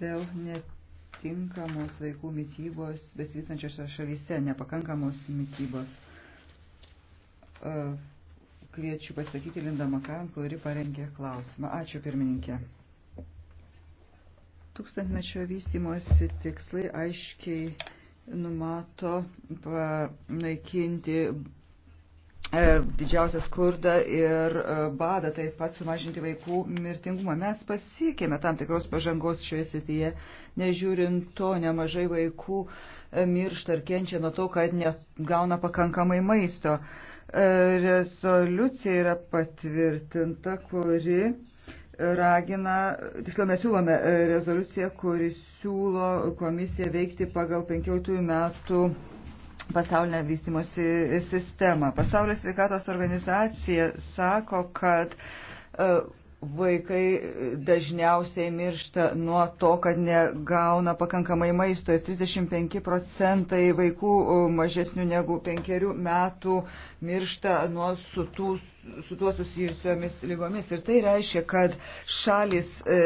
dėl netinkamos vaikų mytybos besivystančiose šalyse, nepakankamos mytybos. E, kviečiu pasakyti Lindą Makan, kuri parengė klausimą. Ačiū pirmininkė. Tūkstantmečio vystimosi tikslai aiškiai numato panaikinti E, didžiausią skurdą ir e, badą, taip pat sumažinti vaikų mirtingumą. Mes pasiekėme tam tikros pažangos šioje srityje, nežiūrint to, nemažai vaikų e, miršta ir kenčia nuo to, kad negauna pakankamai maisto. Resoliucija yra patvirtinta, kuri ragina, tiksliau mes siūlome rezoliuciją, kuri siūlo komisiją veikti pagal 15 metų pasaulinę vystimosi sistemą. Pasaulio sveikatos organizacija sako, kad e, vaikai dažniausiai miršta nuo to, kad negauna pakankamai maisto ir 35 procentai vaikų e, mažesnių negu penkerių metų miršta nuo su, tų, su tuo susijusiomis lygomis. Ir tai reiškia, kad šalis, e,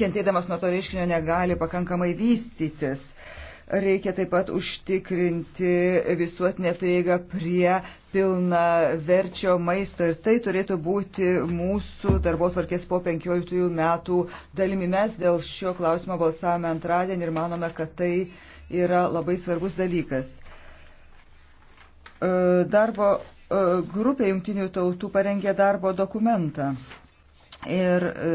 kentėdamas nuo to reiškinio, negali pakankamai vystytis. Reikia taip pat užtikrinti visuotinę prieigą prie pilna verčio maisto ir tai turėtų būti mūsų darbos varkės po 15 metų dalimi. Mes dėl šio klausimo balsavome antradienį ir manome, kad tai yra labai svarbus dalykas. E, darbo e, grupė jungtinių tautų parengė darbo dokumentą ir e,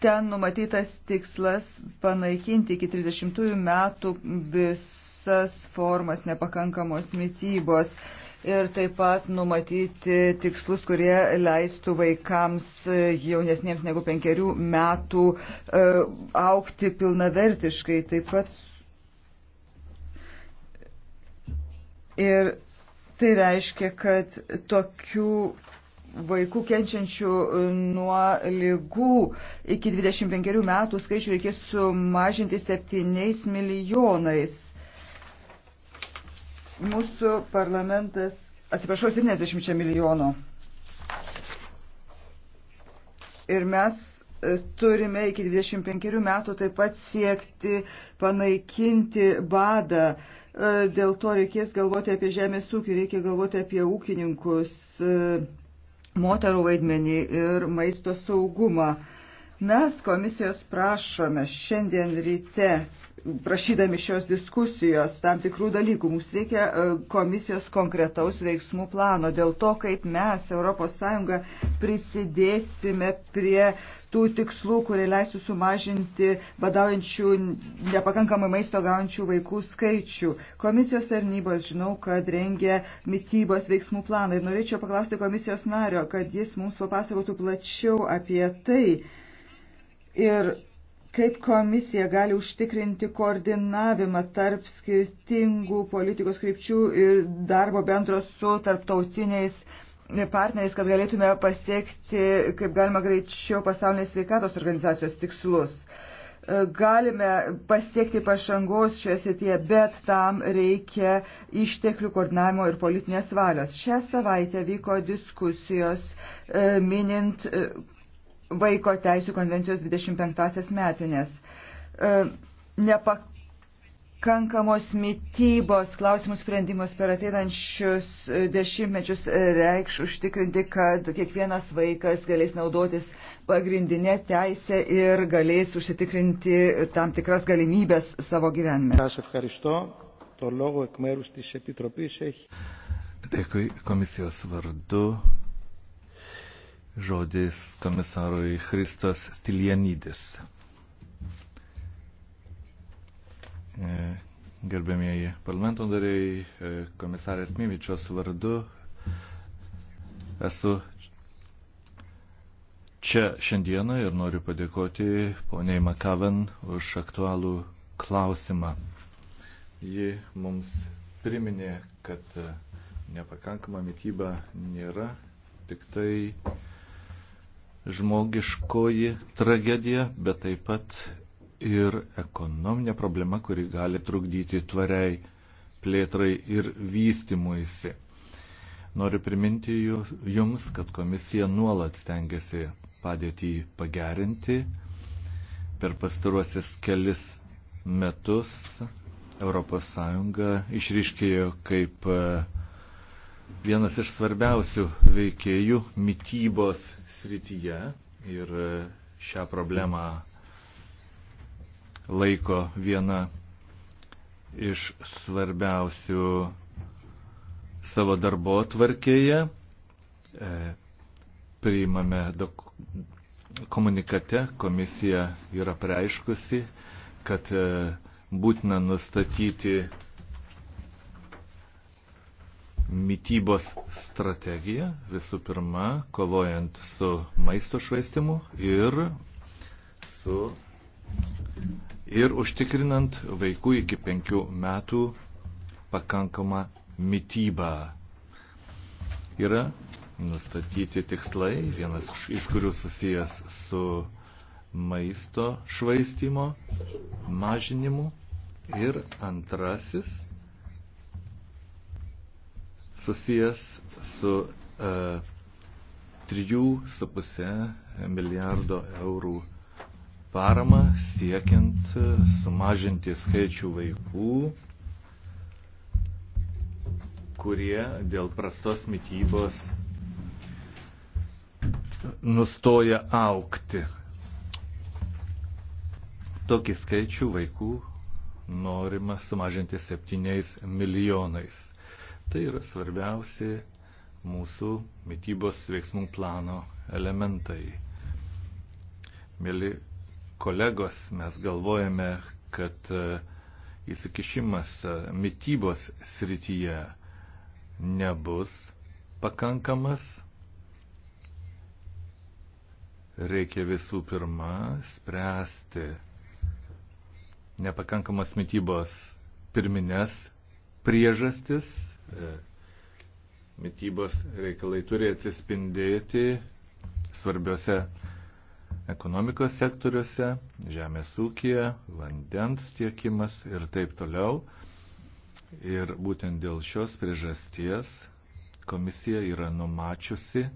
Ten numatytas tikslas panaikinti iki 30 metų visas formas nepakankamos mytybos ir taip pat numatyti tikslus, kurie leistų vaikams jaunesniems negu penkerių metų e, aukti pilnavertiškai. Taip pat ir tai reiškia, kad tokių vaikų kenčiančių e, nuo lygų iki 25 metų skaičių reikės sumažinti 7 milijonais. Mūsų parlamentas, atsiprašau, 70 milijonų. Ir mes e, turime iki 25 metų taip pat siekti panaikinti badą. E, dėl to reikės galvoti apie žemės ūkį, reikia galvoti apie ūkininkus moterų vaidmenį ir maisto saugumą. Mes komisijos prašome šiandien ryte prašydami šios diskusijos tam tikrų dalykų. Mums reikia e, komisijos konkretaus veiksmų plano dėl to, kaip mes, ES, prisidėsime prie tų tikslų, kurie leisų sumažinti badaujančių, nepakankamai maisto gaujančių vaikų skaičių. Komisijos tarnybos žinau, kad rengia mytybos veiksmų planą ir norėčiau paklausti komisijos nario, kad jis mums papasakotų plačiau apie tai. Ir Kaip komisija gali užtikrinti koordinavimą tarp skirtingų politikos krypčių ir darbo bendro su tarptautiniais partneriais, kad galėtume pasiekti, kaip galima greičiau, pasaulinės sveikatos organizacijos tikslus? galime pasiekti pažangos šioje srityje, bet tam reikia išteklių koordinavimo ir politinės valios. Šią savaitę vyko diskusijos e, minint Vaiko teisų konvencijos 25-asias metinės. E, nepakankamos mytybos klausimų sprendimas per ateinančius dešimtmečius reikš užtikrinti, kad kiekvienas vaikas galės naudotis pagrindinė teisė ir galės užsitikrinti tam tikras galimybės savo gyvenime. Dėkui komisijos vardu žodis komisarui Kristos Stilienydis. E, Gerbėmieji parlamento dariai, e, komisarės Mimičios vardu esu čia šiandieną ir noriu padėkoti poniai Makaven už aktualų klausimą. Ji mums priminė, kad e, nepakankama mytyba nėra tik tai žmogiškoji tragedija, bet taip pat ir ekonominė problema, kuri gali trukdyti tvariai plėtrai ir vystimuisi. Noriu priminti Jums, kad komisija nuolat stengiasi padėtį pagerinti. Per pastaruosius kelis metus ES išryškėjo kaip vienas iš svarbiausių veikėjų mytybos srityje ir e, šią problemą laiko viena iš svarbiausių savo darbo tvarkėje. E, priimame dok... komunikate, komisija yra pareiškusi, kad e, būtina nustatyti mytybos strategiją, visų pirma, kovojant su maisto švaistimu ir, su, ir užtikrinant vaikų iki penkių metų pakankamą mytybą. Yra nustatyti tikslai, vienas iš kurių susijęs su maisto švaistimo mažinimu ir antrasis – susijęs su e, 3,5 milijardo eurų parama siekiant e, sumažinti skaičių vaikų, kurie dėl prastos mytybos nustoja aukti. Tokį skaičių vaikų norima sumažinti 7 milijonais. Tai yra svarbiausi mūsų mytybos veiksmų plano elementai. Mėly kolegos, mes galvojame, kad e, įsikišimas e, mytybos srityje nebus pakankamas. Reikia visų pirma spręsti nepakankamas mytybos pirminės priežastis E, mytybos reikalai turi atsispindėti svarbiose ekonomikos sektoriuose, žemės ūkija, vandens tiekimas ir taip toliau. Ir būtent dėl šios priežasties komisija yra numačiusi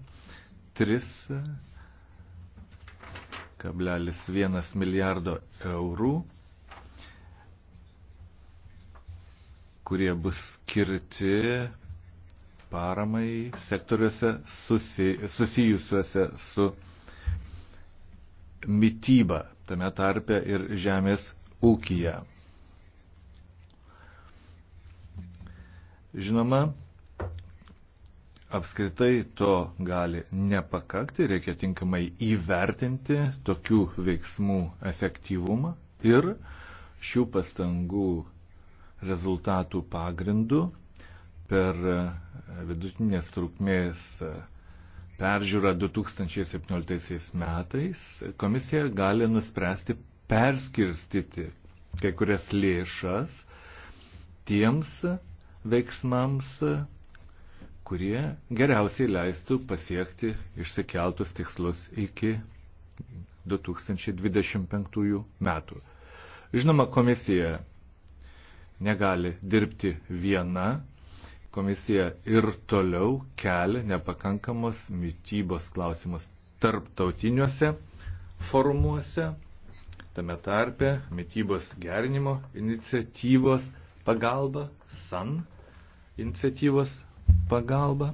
3,1 milijardo eurų, kurie bus skirti paramai sektoriuose susi, susijusiuose su mytyba, tame tarpe ir žemės ūkija. Žinoma, apskritai to gali nepakakti, reikia tinkamai įvertinti tokių veiksmų efektyvumą ir šių pastangų rezultatų pagrindu per e, vidutinės trukmės e, peržiūrą 2017 metais komisija gali nuspręsti perskirstyti kai kurias lėšas tiems veiksmams, kurie geriausiai leistų pasiekti išsikeltus tikslus iki 2025 metų. Žinoma, komisija negali dirbti viena. Komisija ir toliau kelia nepakankamos mytybos klausimus tarptautiniuose forumuose, tame tarpe mytybos gerinimo iniciatyvos pagalba, SAN iniciatyvos pagalba.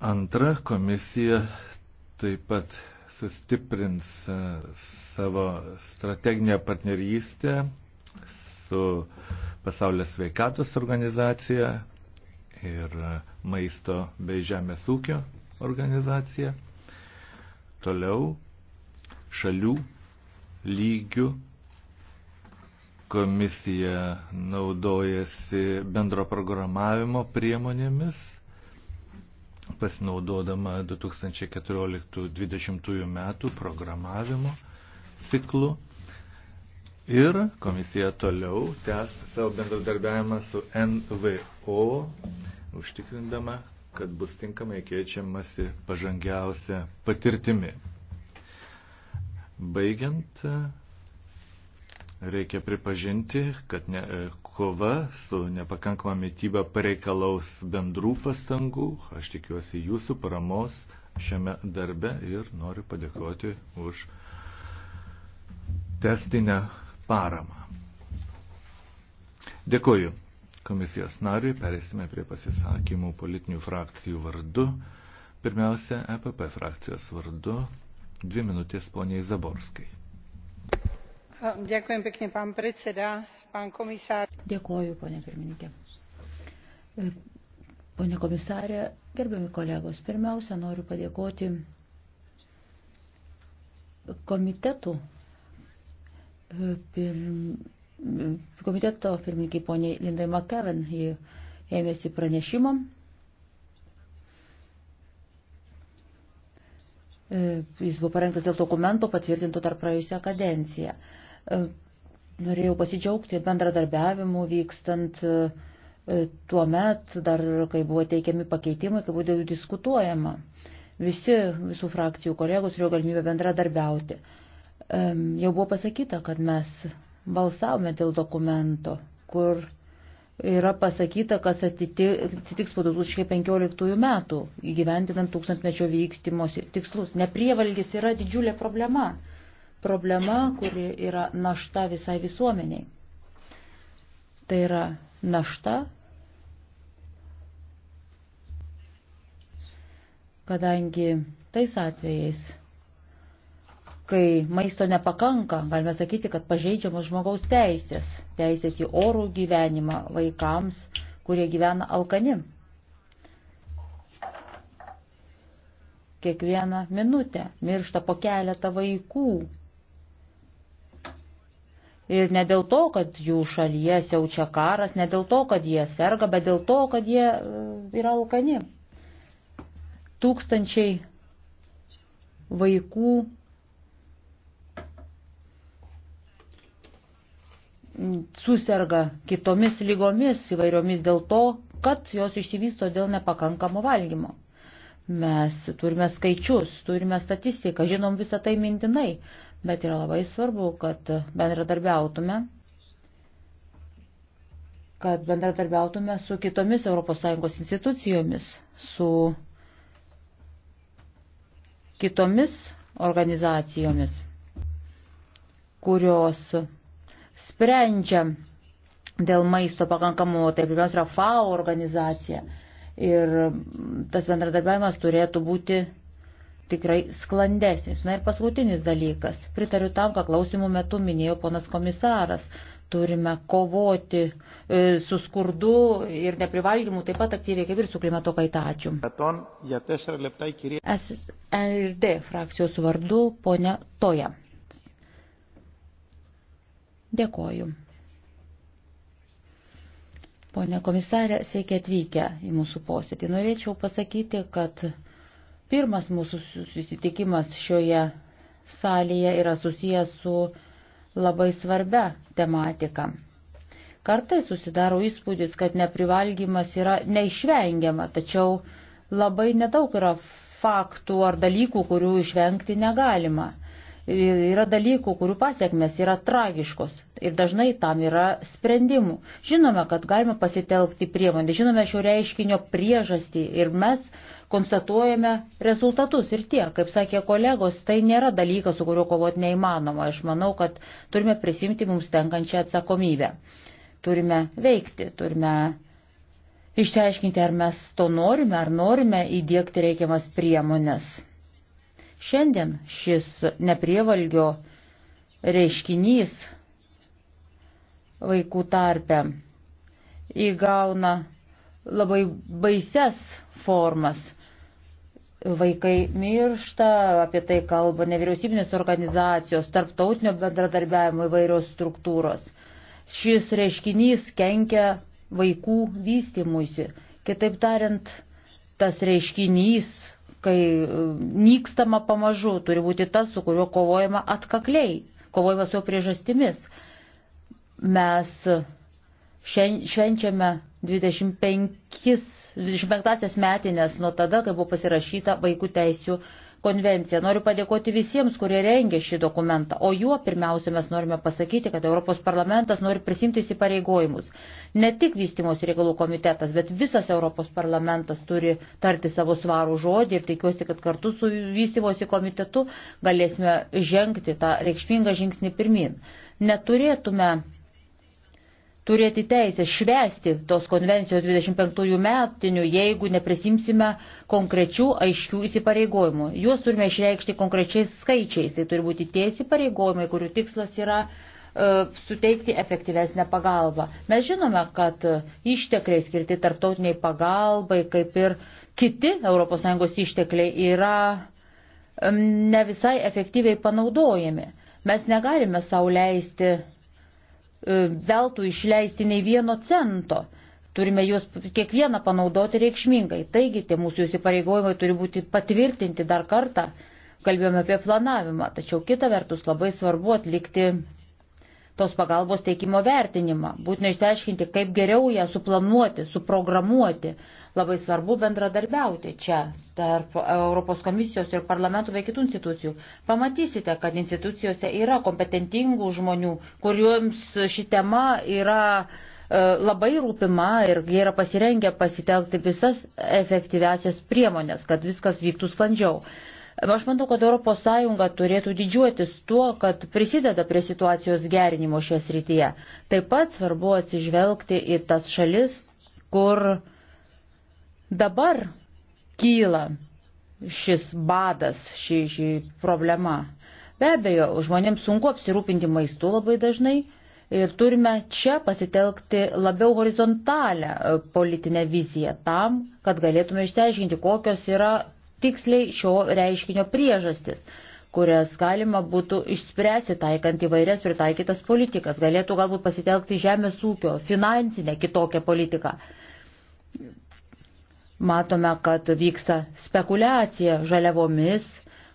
Antra komisija taip pat sustiprins e, savo strateginę partnerystę su Pasaulio sveikatos organizacija ir maisto bei žemės ūkio organizacija. Toliau šalių lygių komisija naudojasi bendro programavimo priemonėmis pasinaudodama 2014-2020 metų programavimo ciklu. Ir komisija toliau tęs savo bendradarbiavimą su NVO, užtikrindama, kad bus tinkamai keičiamasi pažangiausia patirtimi. Baigiant, reikia pripažinti, kad ne, kova su nepakankama mytyba pareikalaus bendrų pastangų. Aš tikiuosi jūsų paramos šiame darbe ir noriu padėkoti už testinę paramą. Dėkuoju komisijos nariui, perėsime prie pasisakymų politinių frakcijų vardu. Pirmiausia, EPP frakcijos vardu. Dvi minutės poniai Zaborskai. Dėkuoju, pėkni, pan predseda pan komisar. Dėkoju, ponė pirmininkė. E, Pone komisarė, gerbiami kolegos, pirmiausia, noriu padėkoti komitetų e, pirm, e, komiteto pirmininkai poniai Lindai Makaven, ji ėmėsi pranešimo. Jis buvo parengtas dėl dokumento patvirtinto tarp praėjusią kadenciją. Norėjau pasidžiaugti bendradarbiavimu vykstant e, e, tuo met, dar kai buvo teikiami pakeitimai, kai buvo diskutuojama. Visi, visų frakcijų kolegos turėjo galimybę bendradarbiauti. Jau buvo pasakyta, kad mes balsavome dėl dokumento, kur yra pasakyta, kas atsitiks po 2015 metų, įgyvendinant tūkstantmečio vykstymos tikslus. Neprievalgis yra didžiulė problema problema, kuri yra našta visai visuomeniai. Tai yra našta, kadangi tais atvejais, kai maisto nepakanka, galime sakyti, kad pažeidžiamos žmogaus teisės, teisės į orų gyvenimą vaikams, kurie gyvena alkani. Kiekvieną minutę miršta po keletą vaikų Ir ne dėl to, kad jų šalyje siaučia karas, ne dėl to, kad jie serga, bet dėl to, kad jie e, yra alkani. Tūkstančiai vaikų susirga kitomis lygomis įvairiomis dėl to, kad jos išsivysto dėl nepakankamo valgymo. Mes turime skaičius, turime statistiką, žinom visą tai mintinai bet yra labai svarbu, kad bendradarbiautume kad bendradarbiautume su kitomis ES institucijomis, su kitomis organizacijomis, kurios sprendžia dėl maisto pakankamumo, tai pirmiausia yra FAO organizacija. Ir tas bendradarbiavimas turėtų būti tikrai sklandesnis. Na ir paskutinis dalykas. Pritariu tam, ką klausimų metu minėjo ponas komisaras. Turime kovoti e, su skurdu ir neprivalgymu taip pat aktyviai kaip ir su klimato kaita. Ačiū. SLD frakcijos vardu ponia Toja. Dėkoju. Pone komisarė, sveiki atvykę į mūsų posėdį. Norėčiau pasakyti, kad Pirmas mūsų susitikimas šioje salėje yra susijęs su labai svarbia tematika. Kartai susidaro įspūdis, kad neprivalgymas yra neišvengiama, tačiau labai nedaug yra faktų ar dalykų, kurių išvengti negalima. Yra dalykų, kurių pasiekmes yra tragiškos ir dažnai tam yra sprendimų. Žinome, kad galima pasitelkti priemonę, žinome šio reiškinio priežastį ir mes konstatuojame rezultatus ir tie, kaip sakė kolegos, tai nėra dalykas, su kuriuo kovoti neįmanoma. Aš manau, kad turime prisimti mums tenkančią atsakomybę. Turime veikti, turime išsiaiškinti, ar mes to norime, ar norime įdėkti reikiamas priemonės. Šiandien šis neprievalgio reiškinys vaikų tarpe įgauna labai baises formas. Vaikai miršta, apie tai kalba nevyriausybinės organizacijos, tarptautinio bendradarbiavimo įvairios struktūros. Šis reiškinys kenkia vaikų vystimuisi. Kitaip tariant, tas reiškinys, kai e, nykstama pamažu, turi būti tas, su kuriuo kovojama atkakliai, kovojama su jo priežastimis. Mes švenčiame 25 25-asias metinės nuo tada, kai buvo pasirašyta vaikų teisių konvenciją. Noriu padėkoti visiems, kurie rengė šį dokumentą, o juo pirmiausia mes norime pasakyti, kad Europos parlamentas nori prisimti įsipareigojimus. Ne tik vystimos reikalų komitetas, bet visas Europos parlamentas turi tarti savo svarų žodį ir tikiuosi, kad kartu su vystimosi komitetu galėsime žengti tą reikšmingą žingsnį pirmin. Neturėtume turėti teisę švesti tos konvencijos 25 metinių, jeigu neprisimsime konkrečių aiškių įsipareigojimų. Juos turime išreikšti konkrečiais skaičiais. Tai turi būti tie įsipareigojimai, kurių tikslas yra e, suteikti efektyvesnę pagalbą. Mes žinome, kad ištekliai skirti tarptautiniai pagalbai, kaip ir kiti ES ištekliai, yra ne visai efektyviai panaudojami. Mes negalime sauliaisti E, veltui išleisti nei vieno cento. Turime juos kiekvieną panaudoti reikšmingai. Taigi tie mūsų įsipareigojimai turi būti patvirtinti dar kartą. Kalbėjome apie planavimą, tačiau kita vertus labai svarbu atlikti tos pagalbos teikimo vertinimą. Būtina išsiaiškinti, kaip geriau ją suplanuoti, suprogramuoti. Labai svarbu bendradarbiauti čia tarp Europos komisijos ir parlamentų bei kitų institucijų. Pamatysite, kad institucijose yra kompetentingų žmonių, kuriuoms ši tema yra e, labai rūpima ir jie yra pasirengę pasitelkti visas efektyviasias priemonės, kad viskas vyktų sklandžiau. Aš manau, kad ES turėtų didžiuotis tuo, kad prisideda prie situacijos gerinimo šios rytyje. Taip pat svarbu atsižvelgti į tas šalis, kur uh, Dabar kyla šis badas, ši, ši problema. Be abejo, žmonėms sunku apsirūpinti maistu labai dažnai ir turime čia pasitelkti labiau horizontalę e, politinę viziją tam, kad galėtume išsiaiškinti, kokios yra tiksliai šio reiškinio priežastis kurias galima būtų išspręsti taikant įvairias pritaikytas politikas. Galėtų galbūt pasitelkti žemės ūkio, finansinę kitokią politiką. Matome, kad vyksta spekulacija žaliavomis,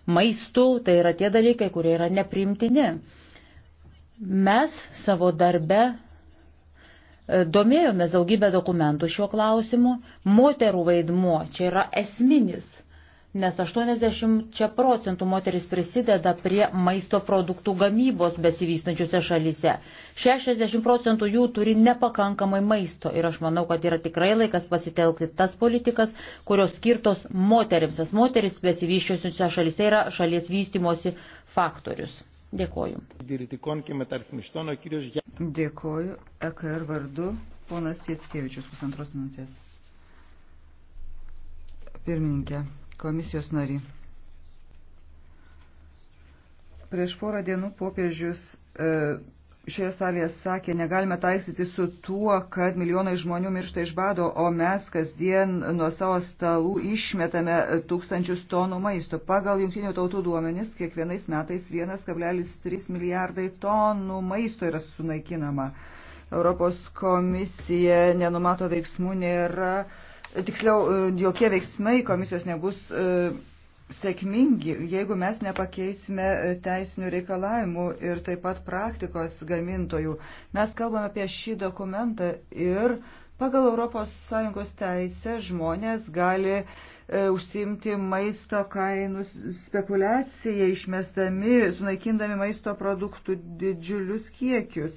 maistu, tai yra tie dalykai, kurie yra neprimtini. Mes savo darbe e, domėjomės daugybę dokumentų šiuo klausimu. Moterų vaidmuo čia yra esminis nes 80 procentų moteris prisideda prie maisto produktų gamybos besivystančiuose šalyse. 60 procentų jų turi nepakankamai maisto ir aš manau, kad yra tikrai laikas pasitelkti tas politikas, kurios skirtos moteriams, nes moteris besivyščiuose šalyse yra šalies vystimosi faktorius. Dėkoju. Dėkoju. EKR vardu ponas Jetskevičius pusantros minutės. Pirmininkė komisijos nari. Prieš porą dienų popiežius e, šioje salėje sakė, negalime taisyti su tuo, kad milijonai žmonių miršta iš bado, o mes kasdien nuo savo stalų išmetame tūkstančius tonų maisto. Pagal jungtinių tautų duomenis, kiekvienais metais 1,3 milijardai tonų maisto yra sunaikinama. Europos komisija nenumato veiksmų, nėra. Uh, tiksliau, e, jokie veiksmai komisijos nebus e, sėkmingi, jeigu mes nepakeisime e, teisinių reikalavimų ir taip pat praktikos gamintojų. Mes kalbame apie šį dokumentą ir pagal ES teisę žmonės gali užsimti maisto kainų spekulaciją, išmestami, sunaikindami maisto produktų didžiulius kiekius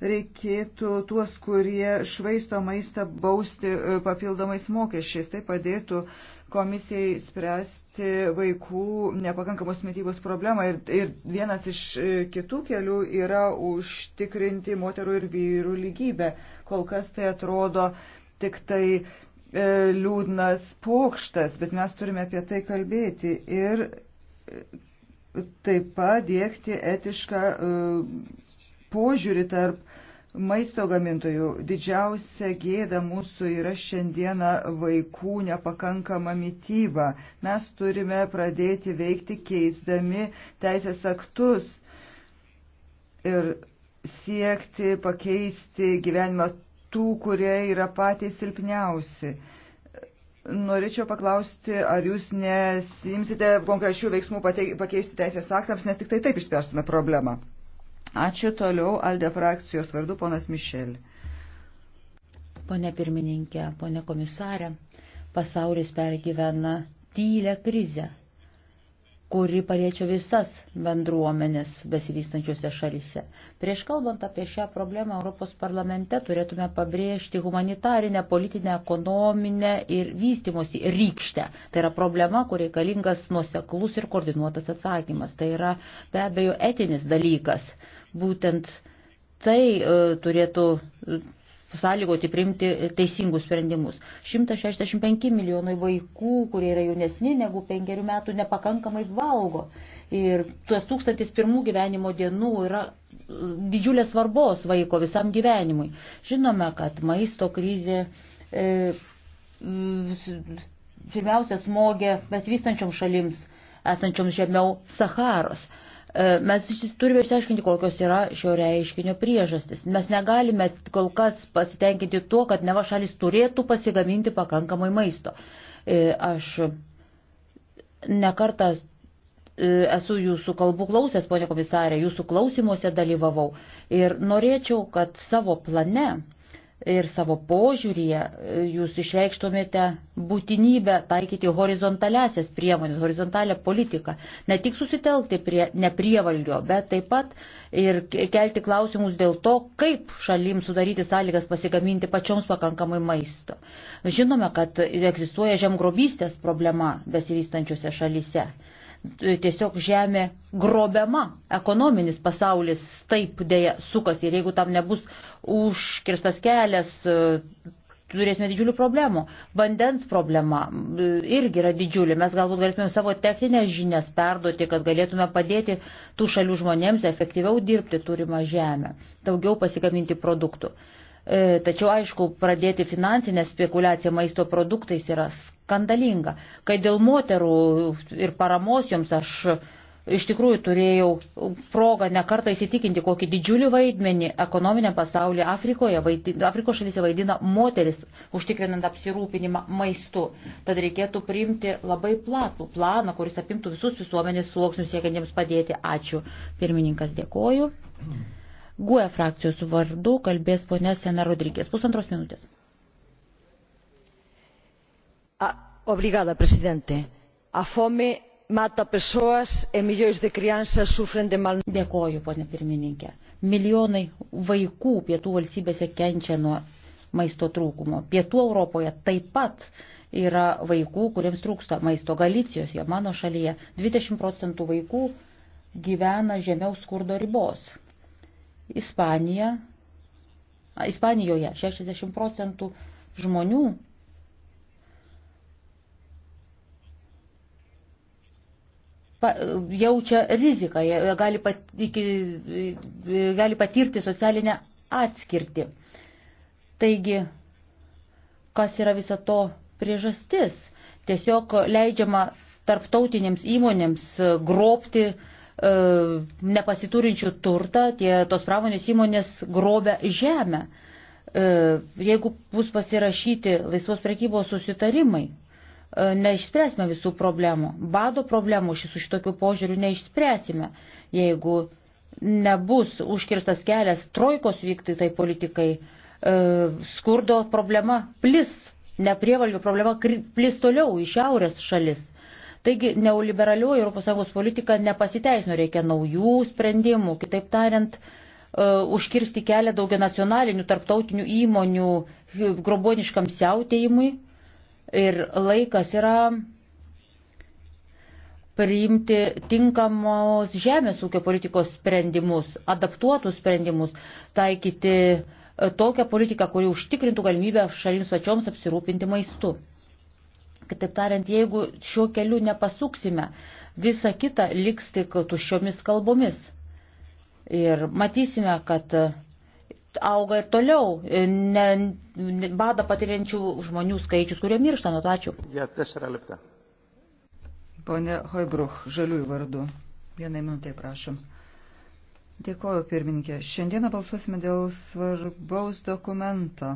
reikėtų tuos, kurie švaisto maistą, bausti e, papildomais mokesčiais. Tai padėtų komisijai spręsti vaikų nepakankamos mytybos problemą. Ir, ir vienas iš e, kitų kelių yra užtikrinti moterų ir vyrų lygybę. Kol kas tai atrodo tik tai e, liūdnas pokštas, bet mes turime apie tai kalbėti ir taip pat dėkti etišką požiūrį tarp maisto gamintojų. Didžiausia gėda mūsų yra šiandieną vaikų nepakankama mytyba. Mes turime pradėti veikti keisdami teisės aktus ir siekti pakeisti gyvenimą tų, kurie yra patys silpniausi. Norėčiau paklausti, ar jūs nesimsite konkrečių veiksmų pakeisti teisės aktams, nes tik tai taip išspręstume problemą. Ačiū toliau Alde frakcijos vardu ponas Mišel. Pone pirmininkė, pone komisarė, pasaulis pergyvena tylę krizę kuri paliečia visas bendruomenės besivystančiose šalise. Prieš kalbant apie šią problemą Europos parlamente turėtume pabrėžti humanitarinę, politinę, ekonominę ir vystimosi rykštę. Tai yra problema, kur reikalingas nuoseklus ir koordinuotas atsakymas. Tai yra be abejo etinis dalykas. Būtent tai e, turėtų sąlygoti priimti teisingus sprendimus. 165 milijonai vaikų, kurie yra jaunesni negu penkerių metų, nepakankamai valgo. Ir tuos tūkstantis pirmų gyvenimo dienų yra didžiulės svarbos vaiko visam gyvenimui. Žinome, kad maisto krizė. E, pirmiausia smogė besivystančioms šalims esančioms žemiau Saharos. E, mes turime išsiaiškinti, kokios yra šio reiškinio priežastis. Mes negalime kol kas pasitenkinti tuo, kad neva šalis turėtų pasigaminti pakankamai maisto. E, aš nekartą e, esu jūsų kalbų klausęs, ponė komisarė, jūsų klausimuose dalyvavau ir norėčiau, kad savo plane ir savo požiūryje e, jūs išreikštumėte būtinybę taikyti horizontalesias priemonės, horizontalę politiką. Ne tik susitelkti prie neprievalgio, bet taip pat ir kelti klausimus dėl to, kaip šalim sudaryti sąlygas pasigaminti pačioms pakankamai maisto. Žinome, kad egzistuoja žemgrobystės problema besivystančiose šalyse tiesiog žemė grobiama, ekonominis pasaulis taip dėja sukasi ir jeigu tam nebus užkirstas kelias, e, turėsime didžiulių problemų. Vandens problema e, irgi yra didžiulė. Mes galbūt galėtume savo techninės žinias perduoti, kad galėtume padėti tų šalių žmonėms efektyviau dirbti turimą žemę, daugiau pasigaminti produktų. E, tačiau, aišku, pradėti finansinę spekulaciją maisto produktais yra skandalinga. Kai dėl moterų ir paramos joms aš e, iš tikrųjų turėjau progą nekartą įsitikinti, kokį didžiulį vaidmenį ekonominė pasaulyje Afrikoje, vaidina, Afrikos šalyse vaidina moteris, užtikrinant apsirūpinimą maistu. Tad reikėtų priimti labai platų planą, kuris apimtų visus visuomenės sluoksnius siekiantiems padėti. Ačiū. Pirmininkas dėkoju. Mm. GUE frakcijos vardu kalbės ponė Sena Rodrygės. Pusantros minutės a fome mata pessoas e milhões de crianças sofrem de malnutrição. Dėkoju, ponė pirmininkė. Milijonai vaikų pietų valstybėse kenčia nuo maisto trūkumo. Pietų Europoje taip pat yra vaikų, kuriems trūksta maisto. Galicijoje, mano šalyje, 20 procentų vaikų gyvena žemiau skurdo ribos. Ispanija, Ispanijoje 60 procentų žmonių jaučia riziką, jie gali, patiki, gali patirti socialinę atskirtį. Taigi, kas yra viso to priežastis? Tiesiog leidžiama tarptautinėms įmonėms e, grobti e, nepasiturinčių turtą, tie tos pramonės įmonės grobia žemę. E, jeigu bus pasirašyti laisvos prekybos susitarimai, E, neišspręsime visų problemų. Bado problemų šis už tokių požiūrių neišspręsime, jeigu nebus užkirstas kelias trojkos vykti tai politikai. E, skurdo problema plis, neprievalgių problema plis toliau į šiaurės šalis. Taigi neoliberalioji ES politika nepasiteisino, reikia naujų sprendimų, kitaip tariant, e, užkirsti kelią daugia nacionalinių tarptautinių įmonių groboniškam siautėjimui ir laikas yra priimti tinkamos žemės ūkio politikos sprendimus, adaptuotus sprendimus, taikyti e, tokią politiką, kuri užtikrintų galimybę šalims pačioms apsirūpinti maistu. Kitaip tariant, jeigu šiuo keliu nepasuksime, visa kita liks tik tuščiomis kalbomis. Ir matysime, kad auga ir toliau. Ne, ne, bada patiriančių žmonių skaičius, kurie miršta nuo tačių. Ja, Pone Hoibruch, žaliųjų vardu. Vienai minutai prašom. Dėkoju, pirmininkė. Šiandieną balsuosime dėl svarbaus dokumento.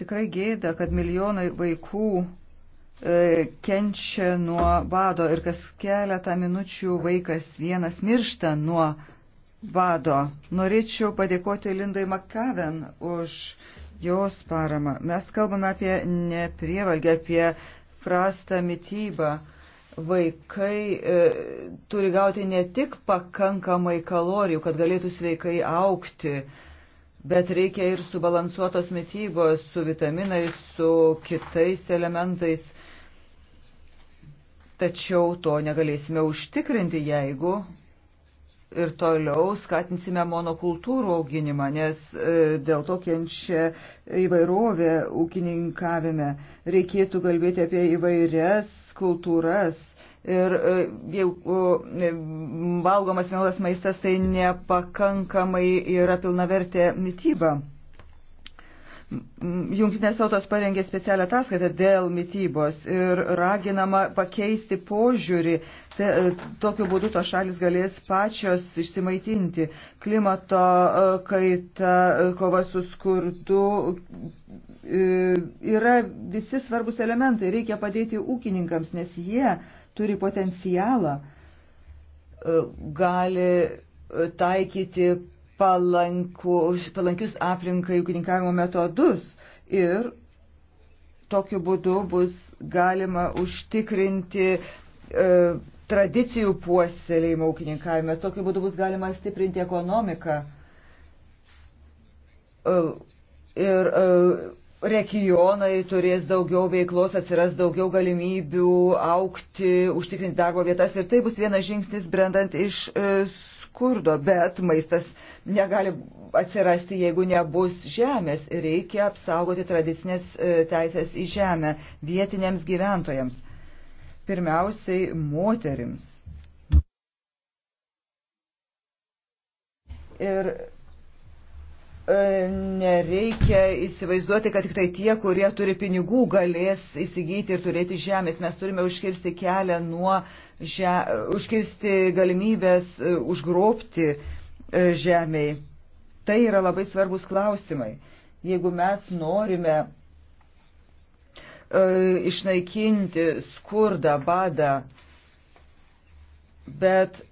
Tikrai gėda, kad milijonai vaikų e, kenčia nuo bado ir kas keletą minučių vaikas vienas miršta nuo vado. Norėčiau padėkoti Lindai Makaven už jos paramą. Mes kalbame apie neprievalgę, apie prastą mytybą. Vaikai e, turi gauti ne tik pakankamai kalorijų, kad galėtų sveikai aukti, bet reikia ir subalansuotos mytybos, su vitaminais, su kitais elementais. Tačiau to negalėsime užtikrinti, jeigu ir toliau skatinsime monokultūrų auginimą, nes e, dėl to kenčia įvairovė ūkininkavime. Reikėtų kalbėti apie įvairias kultūras. Ir e, jeigu e, valgomas mielas maistas, tai nepakankamai yra pilnavertė mytyba. Jungtinės tautos parengė specialią ataskaitą dėl mytybos ir raginama pakeisti požiūrį. Te, tokiu būdu to šalis galės pačios išsimaitinti. Klimato e, kaita, e, kova su skurdu e, yra visi svarbus elementai. Reikia padėti ūkininkams, nes jie turi potencialą, gali taikyti palanku, palankius aplinkai ūkininkavimo metodus ir tokiu būdu bus galima užtikrinti e, tradicijų puoselėjimą ūkininkavime, tokiu būdu bus galima stiprinti ekonomiką. E, ir e, regionai turės daugiau veiklos, atsiras daugiau galimybių aukti, užtikrinti darbo vietas ir tai bus vienas žingsnis brendant iš e, skurdo, bet maistas negali atsirasti, jeigu nebus žemės. Reikia apsaugoti tradicinės e, teisės į žemę vietiniams gyventojams. Pirmiausiai moterims. Ir e, nereikia įsivaizduoti, kad tik tai tie, kurie turi pinigų, galės įsigyti ir turėti žemės. Mes turime užkirsti kelią nuo že, užkirsti galimybės e, užgrobti e, žemiai. Tai yra labai svarbus klausimai. Jeigu mes norime e, išnaikinti skurdą, badą, bet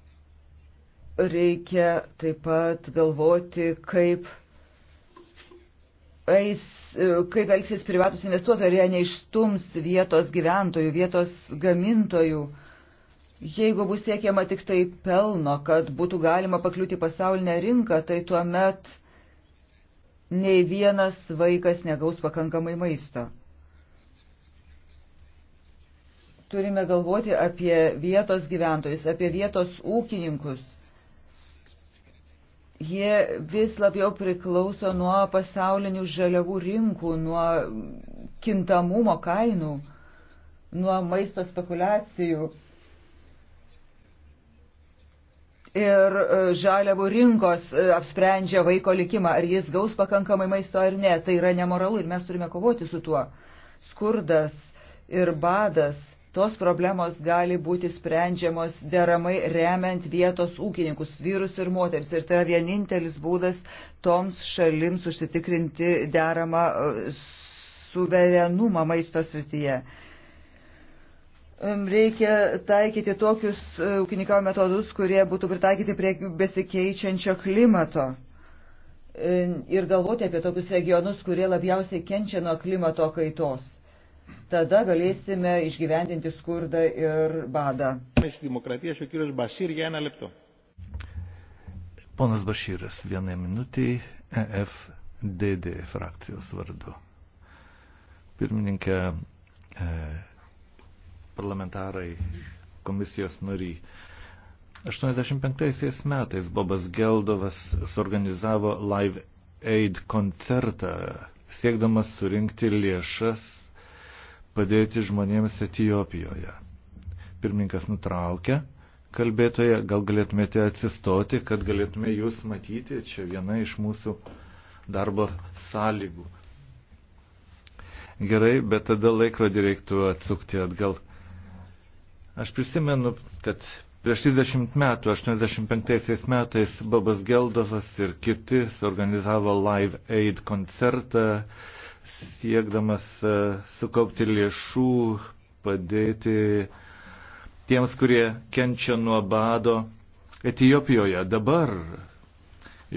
reikia taip pat galvoti, kaip, eis, kaip elgsis privatus investuotojai, ar jie neištums vietos gyventojų, vietos gamintojų. Uh, Jeigu bus siekiama tik tai pelno, kad būtų galima pakliūti pasaulinę rinką, tai tuomet nei vienas vaikas negaus pakankamai maisto. Turime galvoti apie vietos gyventojus, apie vietos ūkininkus. Jie vis labiau priklauso nuo pasaulinių žaliavų rinkų, nuo kintamumo kainų, nuo maisto spekulacijų ir e, žaliavų rinkos e, apsprendžia vaiko likimą, ar jis gaus pakankamai maisto ar ne. Tai yra nemoralu ir mes turime kovoti su tuo. Skurdas ir badas. Tos problemos gali būti sprendžiamos deramai remiant vietos ūkininkus, vyrus ir moteris. Ir tai yra vienintelis būdas toms šalims užsitikrinti deramą e, suverenumą maisto srityje reikia taikyti tokius e, ūkininkavimo metodus, kurie būtų pritaikyti prie besikeičiančio klimato. Ir galvoti apie tokius regionus, kurie labiausiai kenčia nuo klimato kaitos. Tada galėsime išgyvendinti skurdą ir badą. Ponas Bašyras, vienai minutiai EFDD frakcijos vardu. Pirmininkė, e, parlamentarai, komisijos nariai. 85 metais Bobas Geldovas suorganizavo Live Aid koncertą, siekdamas surinkti lėšas padėti žmonėms Etijopijoje. Pirmininkas nutraukė kalbėtoje, gal galėtumėte atsistoti, kad galėtume jūs matyti, čia viena iš mūsų darbo sąlygų. Gerai, bet tada laikrodį reiktų atsukti atgal. Aš prisimenu, kad prieš 30 metų, 85 metais, Babas Geldovas ir kiti suorganizavo Live Aid koncertą, siekdamas e, sukaupti lėšų, padėti tiems, kurie kenčia nuo bado Etijopijoje. Dabar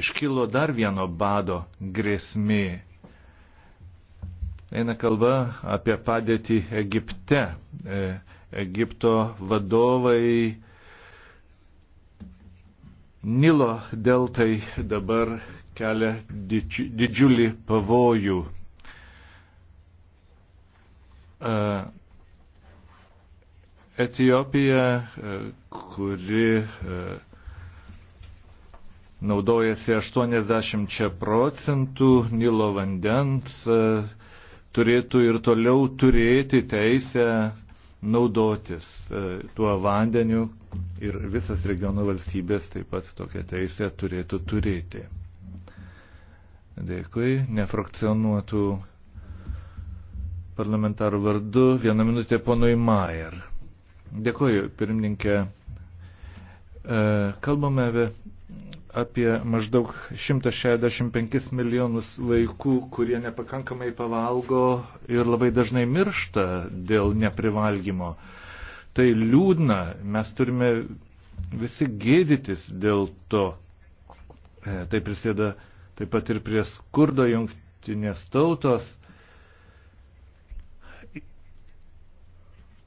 iškilo dar vieno bado grėsmė. Eina kalba apie padėtį Egipte. E, Egipto vadovai Nilo deltai dabar kelia didžiulį pavojų. Etijopija, kuri naudojasi 80 procentų Nilo vandens, turėtų ir toliau turėti teisę naudotis e, tuo vandeniu ir visas regiono valstybės taip pat tokią teisę turėtų turėti. Dėkui, nefrakcionuotų parlamentarų vardu. Vieną minutę ponui Maier. Dėkuoju, pirmininkė. E, kalbame apie apie maždaug 165 milijonus vaikų, kurie nepakankamai pavalgo ir labai dažnai miršta dėl neprivalgymo. Tai liūdna, mes turime visi gėdytis dėl to. E, tai prisėda taip pat ir prie skurdo jungtinės tautos.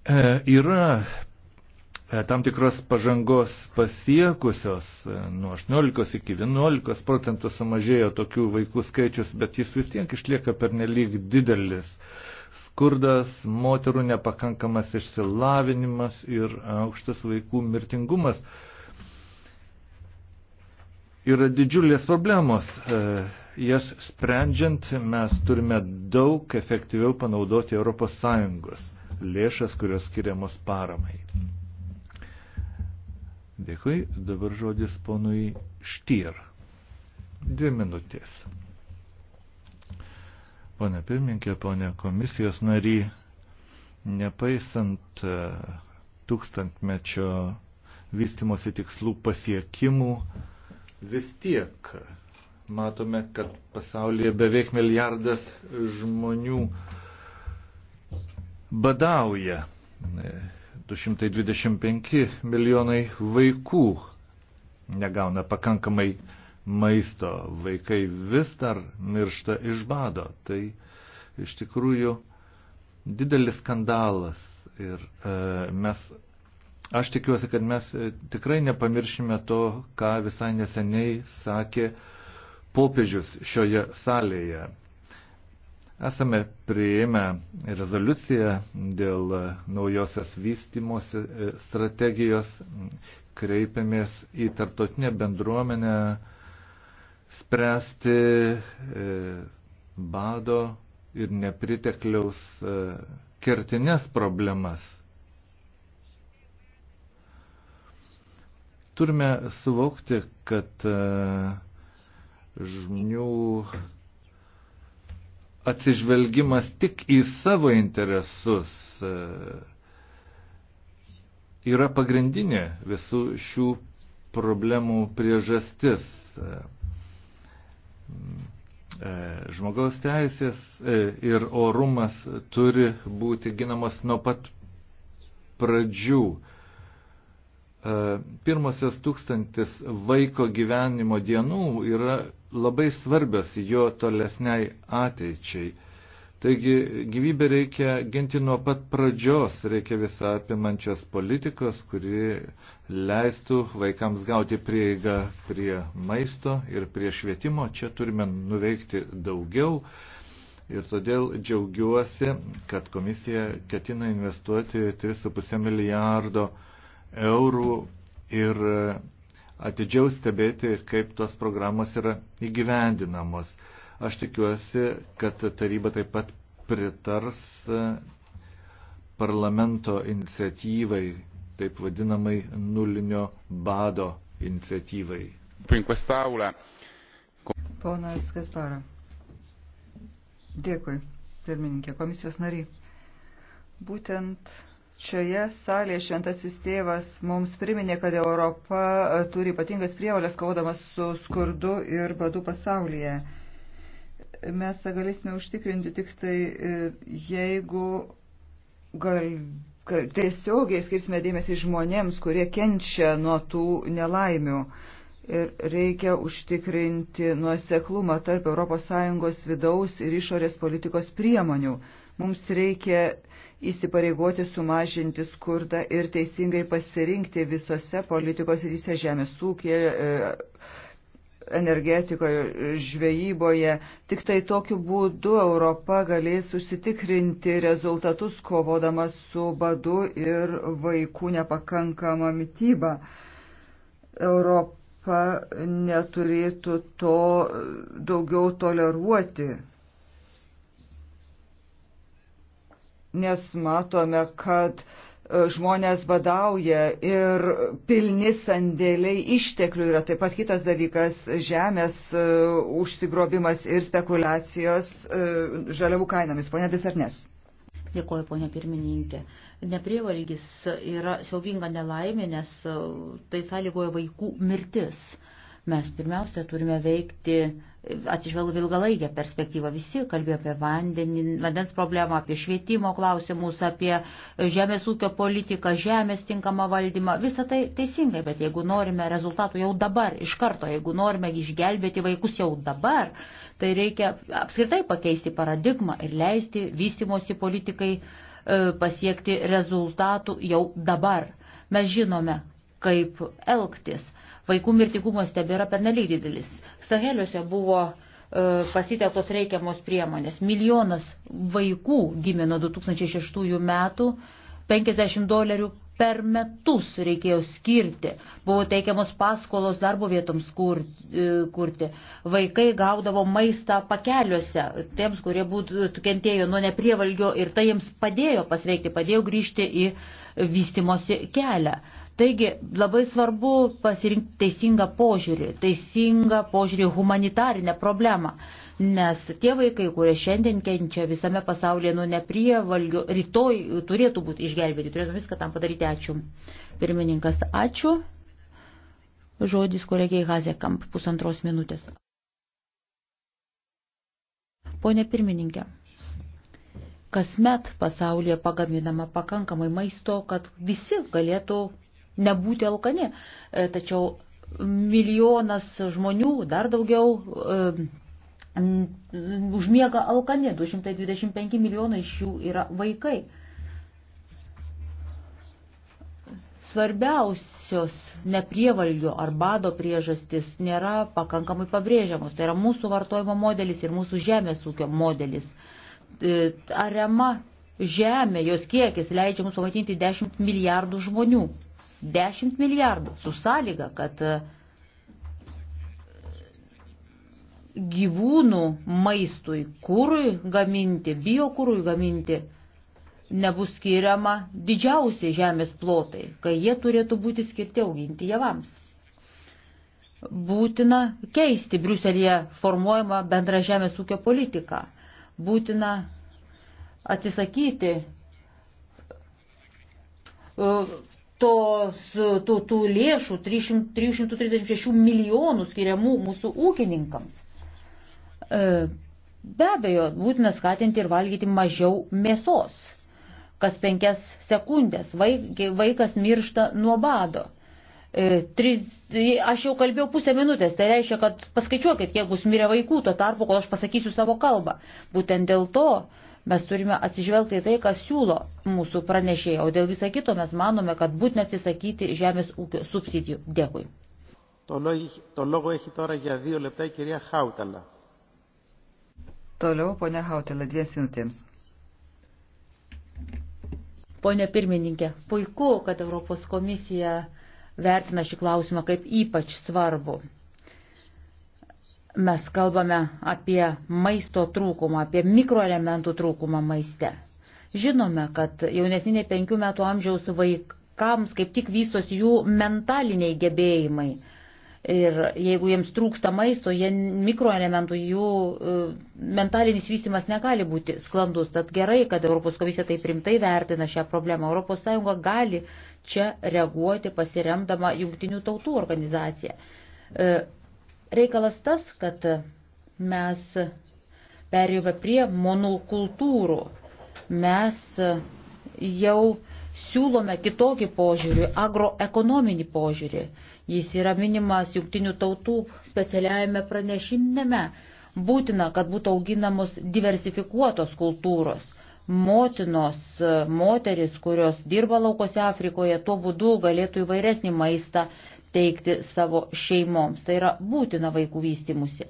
E, yra E, tam tikros pažangos pasiekusios, e, nuo 18 iki 11 procentų sumažėjo tokių vaikų skaičius, bet jis vis tiek išlieka pernelyg didelis. Skurdas, moterų nepakankamas išsilavinimas ir aukštas vaikų mirtingumas yra didžiulės problemos. E, jas sprendžiant mes turime daug efektyviau panaudoti ES lėšas, kurios skiriamos paramai. Dėkui, dabar žodis ponui Štyr. Dvi minutės. Pone pirmininkė, pone komisijos nary, nepaisant e, tūkstantmečio vystimosi tikslų pasiekimų, vis tiek matome, kad pasaulyje beveik milijardas žmonių badauja. E, 225 milijonai vaikų negauna pakankamai maisto, vaikai vis dar miršta iš bado. Tai iš tikrųjų didelis skandalas ir e, mes, aš tikiuosi, kad mes e, tikrai nepamiršime to, ką visai neseniai sakė popiežius šioje salėje. Esame prieėmę rezoliuciją dėl naujosios vystimosi e, strategijos, kreipiamės į tarptautinę bendruomenę spręsti e, bado ir nepritekliaus e, kertinės problemas. Turime suvokti, kad žmonių atsižvelgimas tik į savo interesus e, yra pagrindinė visų šių problemų priežastis. E, e, žmogaus teisės ir orumas turi būti ginamas nuo pat pradžių. E, pirmasis tūkstantis vaiko gyvenimo dienų yra labai svarbios jo tolesniai ateičiai. Taigi gyvybę reikia ginti nuo pat pradžios, reikia visą apimančios politikos, kuri leistų vaikams gauti prieigą prie maisto ir prie švietimo. Čia turime nuveikti daugiau. Ir todėl džiaugiuosi, kad komisija ketina investuoti 3,5 milijardo eurų eurų ir e, atidžiau stebėti, kaip tos programos yra įgyvendinamos. Aš tikiuosi, kad taryba taip pat pritars e, parlamento iniciatyvai, taip vadinamai nulinio bado iniciatyvai. Ponas Kaspara. Dėkui, pirmininkė, komisijos nariai. Būtent Šioje salėje šventasis tėvas mums priminė, kad Europa e, turi ypatingas prievalės kovodamas su skurdu ir badu pasaulyje. Mes tą galėsime užtikrinti tik tai, e, jeigu gal, gal, tiesiogiai skirsime dėmesį žmonėms, kurie kenčia nuo tų nelaimių. Ir reikia užtikrinti nuoseklumą tarp ES vidaus ir išorės politikos priemonių. Mums reikia įsipareigoti sumažinti skurdą ir teisingai pasirinkti visose politikos rytise žemės ūkėje, e, energetikoje, žvejyboje. Tik tai tokiu būdu Europa galės susitikrinti rezultatus kovodama su badu ir vaikų nepakankama mytyba. Europa neturėtų to daugiau toleruoti. nes matome, kad e, žmonės badauja ir pilni sandėliai išteklių yra taip pat kitas dalykas - žemės e, užsigrobimas ir spekulacijos e, žaliavų kainomis. Pone Desarnes. Dėkuoju, ponė pirmininkė. Neprievalgys yra siaubinga nelaimė, nes tai sąlygoja vaikų mirtis. Mes pirmiausia turime veikti atsižvelgdami ilgalaikę perspektyvą. Visi kalbėjo apie vandenį, vandens problemą, apie švietimo klausimus, apie žemės ūkio politiką, žemės tinkamą valdymą. Visą tai teisingai, bet jeigu norime rezultatų jau dabar, iš karto, jeigu norime išgelbėti vaikus jau dabar, tai reikia apskritai pakeisti paradigmą ir leisti vystimosi politikai e, pasiekti rezultatų jau dabar. Mes žinome, kaip elgtis vaikų mirtingumas tebėra pernelyg didelis. Saheliuose buvo e, pasitelktos reikiamos priemonės. Milijonas vaikų gimė nuo 2006 metų, 50 dolerių per metus reikėjo skirti, buvo teikiamos paskolos darbo vietoms kur, e, kurti, vaikai gaudavo maistą pakeliuose, tiems, kurie būtų kentėjo nuo neprievalgio ir tai jiems padėjo pasveikti, padėjo grįžti į vystimosi kelią. Taigi labai svarbu pasirinkti teisingą požiūrį, teisingą požiūrį humanitarinę problemą, nes tie vaikai, kurie šiandien kenčia visame pasaulyje nuo neprievalgių, rytoj turėtų būti išgelbėti, turėtų viską tam padaryti. Ačiū. Pirmininkas, ačiū. Žodis kolegiai Hazekamp pusantros minutės. Pone pirmininkė, kasmet pasaulyje pagaminama pakankamai maisto, kad visi galėtų nebūti alkani. E, tačiau milijonas žmonių, dar daugiau, e, užmiega alkani, 225 milijonai iš jų yra vaikai. Svarbiausios neprievalgio ar bado priežastis nėra pakankamai pabrėžiamos. Tai yra mūsų vartojimo modelis ir mūsų žemės ūkio modelis. E, ariama žemė, jos kiekis leidžia mums pamatyti 10 milijardų žmonių. 10 milijardų su sąlyga, kad e, gyvūnų maistui, kūrui gaminti, biokūrui gaminti nebus skiriama didžiausi žemės plotai, kai jie turėtų būti skirti auginti javams. Būtina keisti Briuselėje formuojamą bendrą žemės ūkio politiką. Būtina atsisakyti e, tos, e, tų, tų lėšų, 336 milijonų skiriamų mūsų ūkininkams. E, be abejo, būtina skatinti ir valgyti mažiau mėsos. Kas penkias sekundės vaikas miršta nuo bado. E, tris, aš jau kalbėjau pusę minutės, tai reiškia, kad paskaičiuokit, kiek bus mirę vaikų tuo tarpu, kol aš pasakysiu savo kalbą. Būtent dėl to Mes turime atsižvelgti į tai, kas siūlo mūsų pranešėjai, o dėl viso kito mes manome, kad būtina atsisakyti žemės ūkio subsidijų. Dėkui. Toliau, ponia Hautela, dvies minutėms. Pone pirmininkė, puiku, kad Europos komisija vertina šį klausimą kaip ypač svarbu mes kalbame apie maisto trūkumą, apie mikroelementų trūkumą maiste. Žinome, kad jaunesnė penkių metų amžiaus vaikams kaip tik vystosi jų mentaliniai gebėjimai. Ir jeigu jiems trūksta maisto, jie mikroelementų, jų e, mentalinis vystimas negali būti sklandus. Tad gerai, kad Europos komisija taip rimtai vertina šią problemą. ES gali čia reaguoti pasiremdama jungtinių tautų organizaciją e, Reikalas tas, kad mes perėjome prie monokultūrų. Mes jau siūlome kitokį požiūrį, agroekonominį požiūrį. Jis yra minimas jungtinių tautų specialiajame pranešimneme. Būtina, kad būtų auginamos diversifikuotos kultūros motinos, moteris, kurios dirba laukose Afrikoje, tuo būdu galėtų įvairesnį maistą teikti savo šeimoms. Tai yra būtina vaikų vystimusi.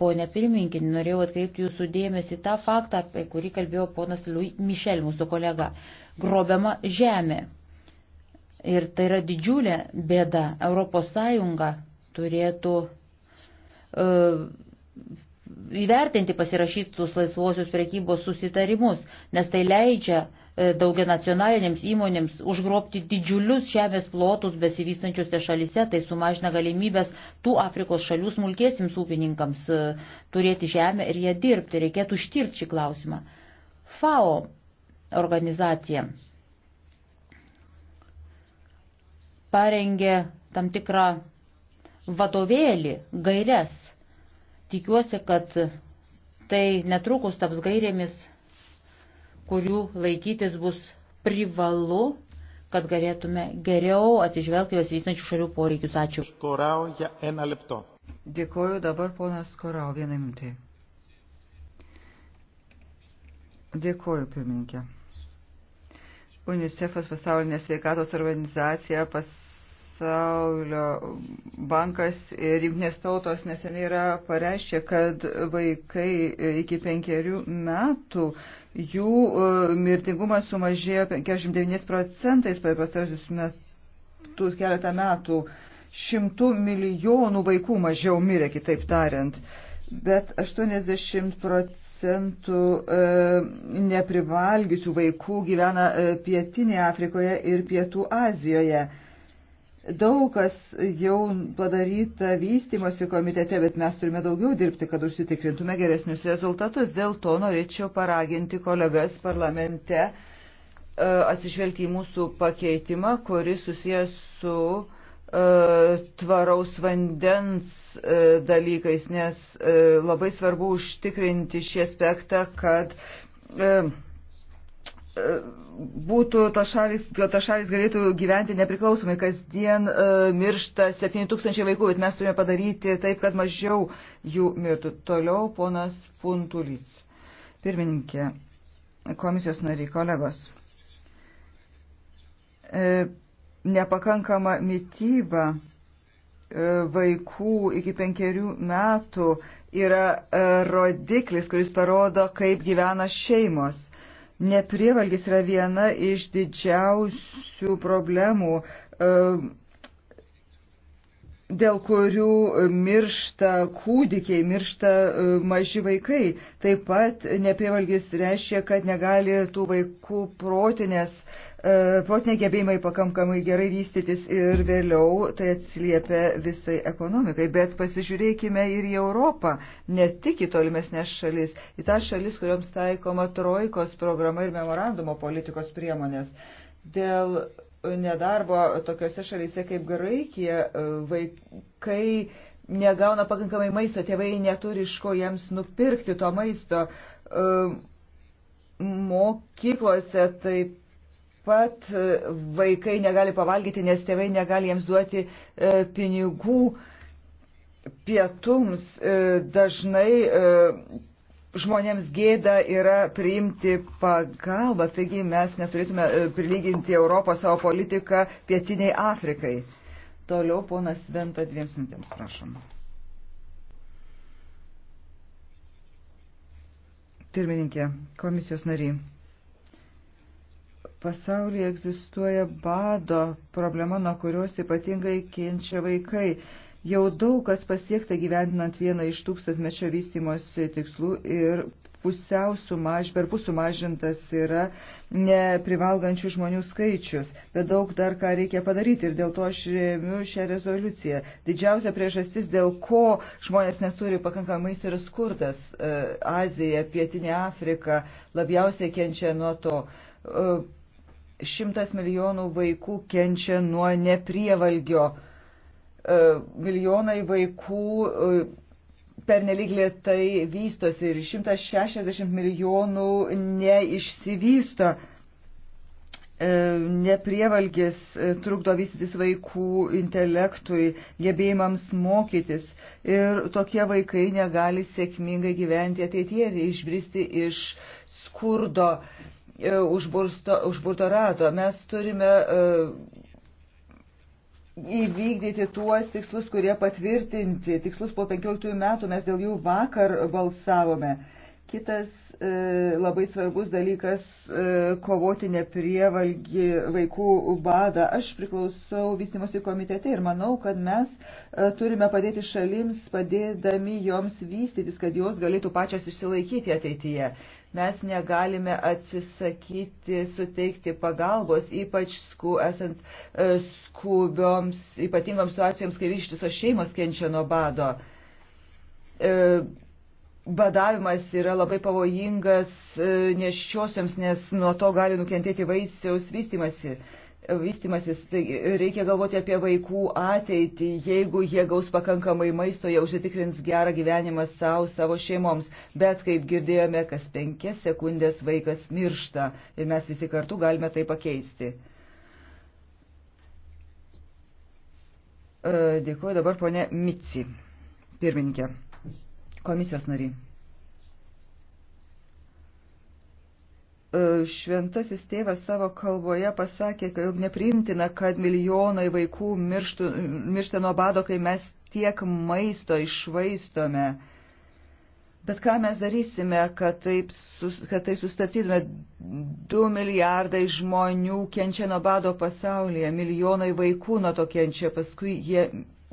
Pone pirminkinį, norėjau atkreipti jūsų dėmesį tą faktą, apie kurį kalbėjo ponas Louis Michel, mūsų kolega. Grobiama žemė. Ir tai yra didžiulė bėda. Europos Sąjunga turėtų uh, įvertinti pasirašytus laisvosios prekybos susitarimus, nes tai leidžia e, daugia nacionalinėms įmonėms užgrobti didžiulius žemės plotus besivystančiose šalise, tai sumažina galimybės tų Afrikos šalių smulkėsims ūkininkams e, turėti žemę ir ją dirbti. Reikėtų ištirti šį klausimą. FAO organizacija parengė tam tikrą vadovėlį, gairias Tikiuosi, kad tai netrukus taps gairėmis, kurių laikytis bus privalu, kad galėtume geriau atsižvelgti besivystančių šalių poreikius. Ačiū. Korau, ja, Dėkuoju dabar ponas Korau, vieną minutę. Dėkuoju, pirmininkė. UNICEF'as pasaulinė sveikatos organizacija pas Pasaulio bankas ir jungtinės tautos neseniai yra pareiškę, kad vaikai iki penkerių metų jų e, mirtingumas sumažėjo 59 procentais per pastarusius metus, keletą metų. Šimtų milijonų vaikų mažiau mirė, kitaip tariant. Bet 80 procentų e, neprivalgysių vaikų gyvena e, Pietinėje Afrikoje ir Pietų Azijoje. E, Daug kas jau padaryta vystimosi komitete, bet mes turime daugiau dirbti, kad užsitikrintume geresnius rezultatus. Dėl to norėčiau paraginti kolegas parlamente e, atsižvelgti į mūsų pakeitimą, kuris susijęs su e, tvaraus vandens e, dalykais, nes labai svarbu užtikrinti šį aspektą, kad būtų tos šalis, kad tos šalis galėtų gyventi nepriklausomai. Kasdien e, miršta 7 tūkstančiai vaikų, bet mes turime padaryti taip, kad mažiau jų mirtų. Toliau ponas Puntulis. Pirmininkė, komisijos nariai, kolegos. E, nepakankama mytyba e, vaikų iki penkerių metų yra e, rodiklis, kuris parodo, kaip gyvena šeimos. Neprievalgis yra viena iš didžiausių problemų, e, dėl kurių miršta kūdikiai, miršta e, maži vaikai. Taip pat neprievalgis reiškia, kad negali tų vaikų protinės E, protiniai gebėjimai pakankamai gerai vystytis ir vėliau tai atsiliepia visai ekonomikai. Bet pasižiūrėkime ir į Europą, ne tik į tolimesnės šalis, į tą šalis, kuriuoms taikoma trojkos programa ir memorandumo politikos priemonės. Dėl nedarbo tokiuose šalyse kaip Graikija e, vaikai negauna pakankamai maisto, tėvai neturi iš ko jiems nupirkti to maisto. E, mokyklose taip pat e, vaikai negali pavalgyti, nes tėvai negali jiems duoti e, pinigų pietums. E, dažnai žmonėms gėda yra priimti pagalbą, taigi mes neturėtume prilyginti Europą savo politiką pietiniai Afrikai. Toliau ponas Venta dviems minutėms, prašom. Pirmininkė, komisijos nariai. Pasaulyje egzistuoja bado problema, nuo kurios ypatingai kenčia vaikai. Jau daug kas pasiekta gyvendinant vieną iš tūkstantmečio vystimosi tikslų ir pusiau sumaž, per pus sumažintas yra neprivalgančių žmonių skaičius, bet daug dar ką reikia padaryti ir dėl to aš remiu šią rezoliuciją. Didžiausia priežastis, dėl ko žmonės neturi pakankamai yra skurdas. E, Azija, Pietinė Afrika labiausiai kenčia nuo to. E, Šimtas milijonų vaikų kenčia nuo neprievalgio. E, milijonai vaikų e, pernelyg lietai vystosi ir 160 milijonų neišsivysto. E, neprievalgis trukdo vystytis vaikų intelektui, gebėjimams mokytis ir tokie vaikai negali sėkmingai gyventi ateityje ir išbristi iš skurdo. E, užbursto, užburto rato. Mes turime e, įvykdyti tuos tikslus, kurie patvirtinti. Tikslus po 15 metų mes dėl jų vakar balsavome. Kitas E, labai svarbus dalykas e, kovoti neprievalgi vaikų badą. Aš priklausau vystimosi komitete ir manau, kad mes e, turime padėti šalims, padėdami joms vystytis, kad jos galėtų pačias išsilaikyti ateityje. Mes negalime atsisakyti suteikti pagalbos, ypač sku, esant skubioms, ypatingoms situacijoms, kai ištisos šeimos kenčia nuo bado badavimas yra labai pavojingas e, neščiosiams, nes nuo to gali nukentėti vaisiaus vystimasi. Vystimasis, tai reikia galvoti apie vaikų ateitį, jeigu jie gaus pakankamai maisto, jie užsitikrins gerą gyvenimą savo, savo šeimoms, bet kaip girdėjome, kas penkias sekundės vaikas miršta ir mes visi kartu galime tai pakeisti. E, dėkuoju dabar ponė Mici, pirmininkė. Komisijos nariai. E, šventasis tėvas savo kalboje pasakė, kad jau nepriimtina, kad milijonai vaikų mirštų, miršta nuo bado, kai mes tiek maisto išvaistome. Bet ką mes darysime, kad, taip, kad tai sustabdytume? 2 milijardai žmonių kenčia nuo bado pasaulyje, milijonai vaikų nuo to kenčia, paskui jie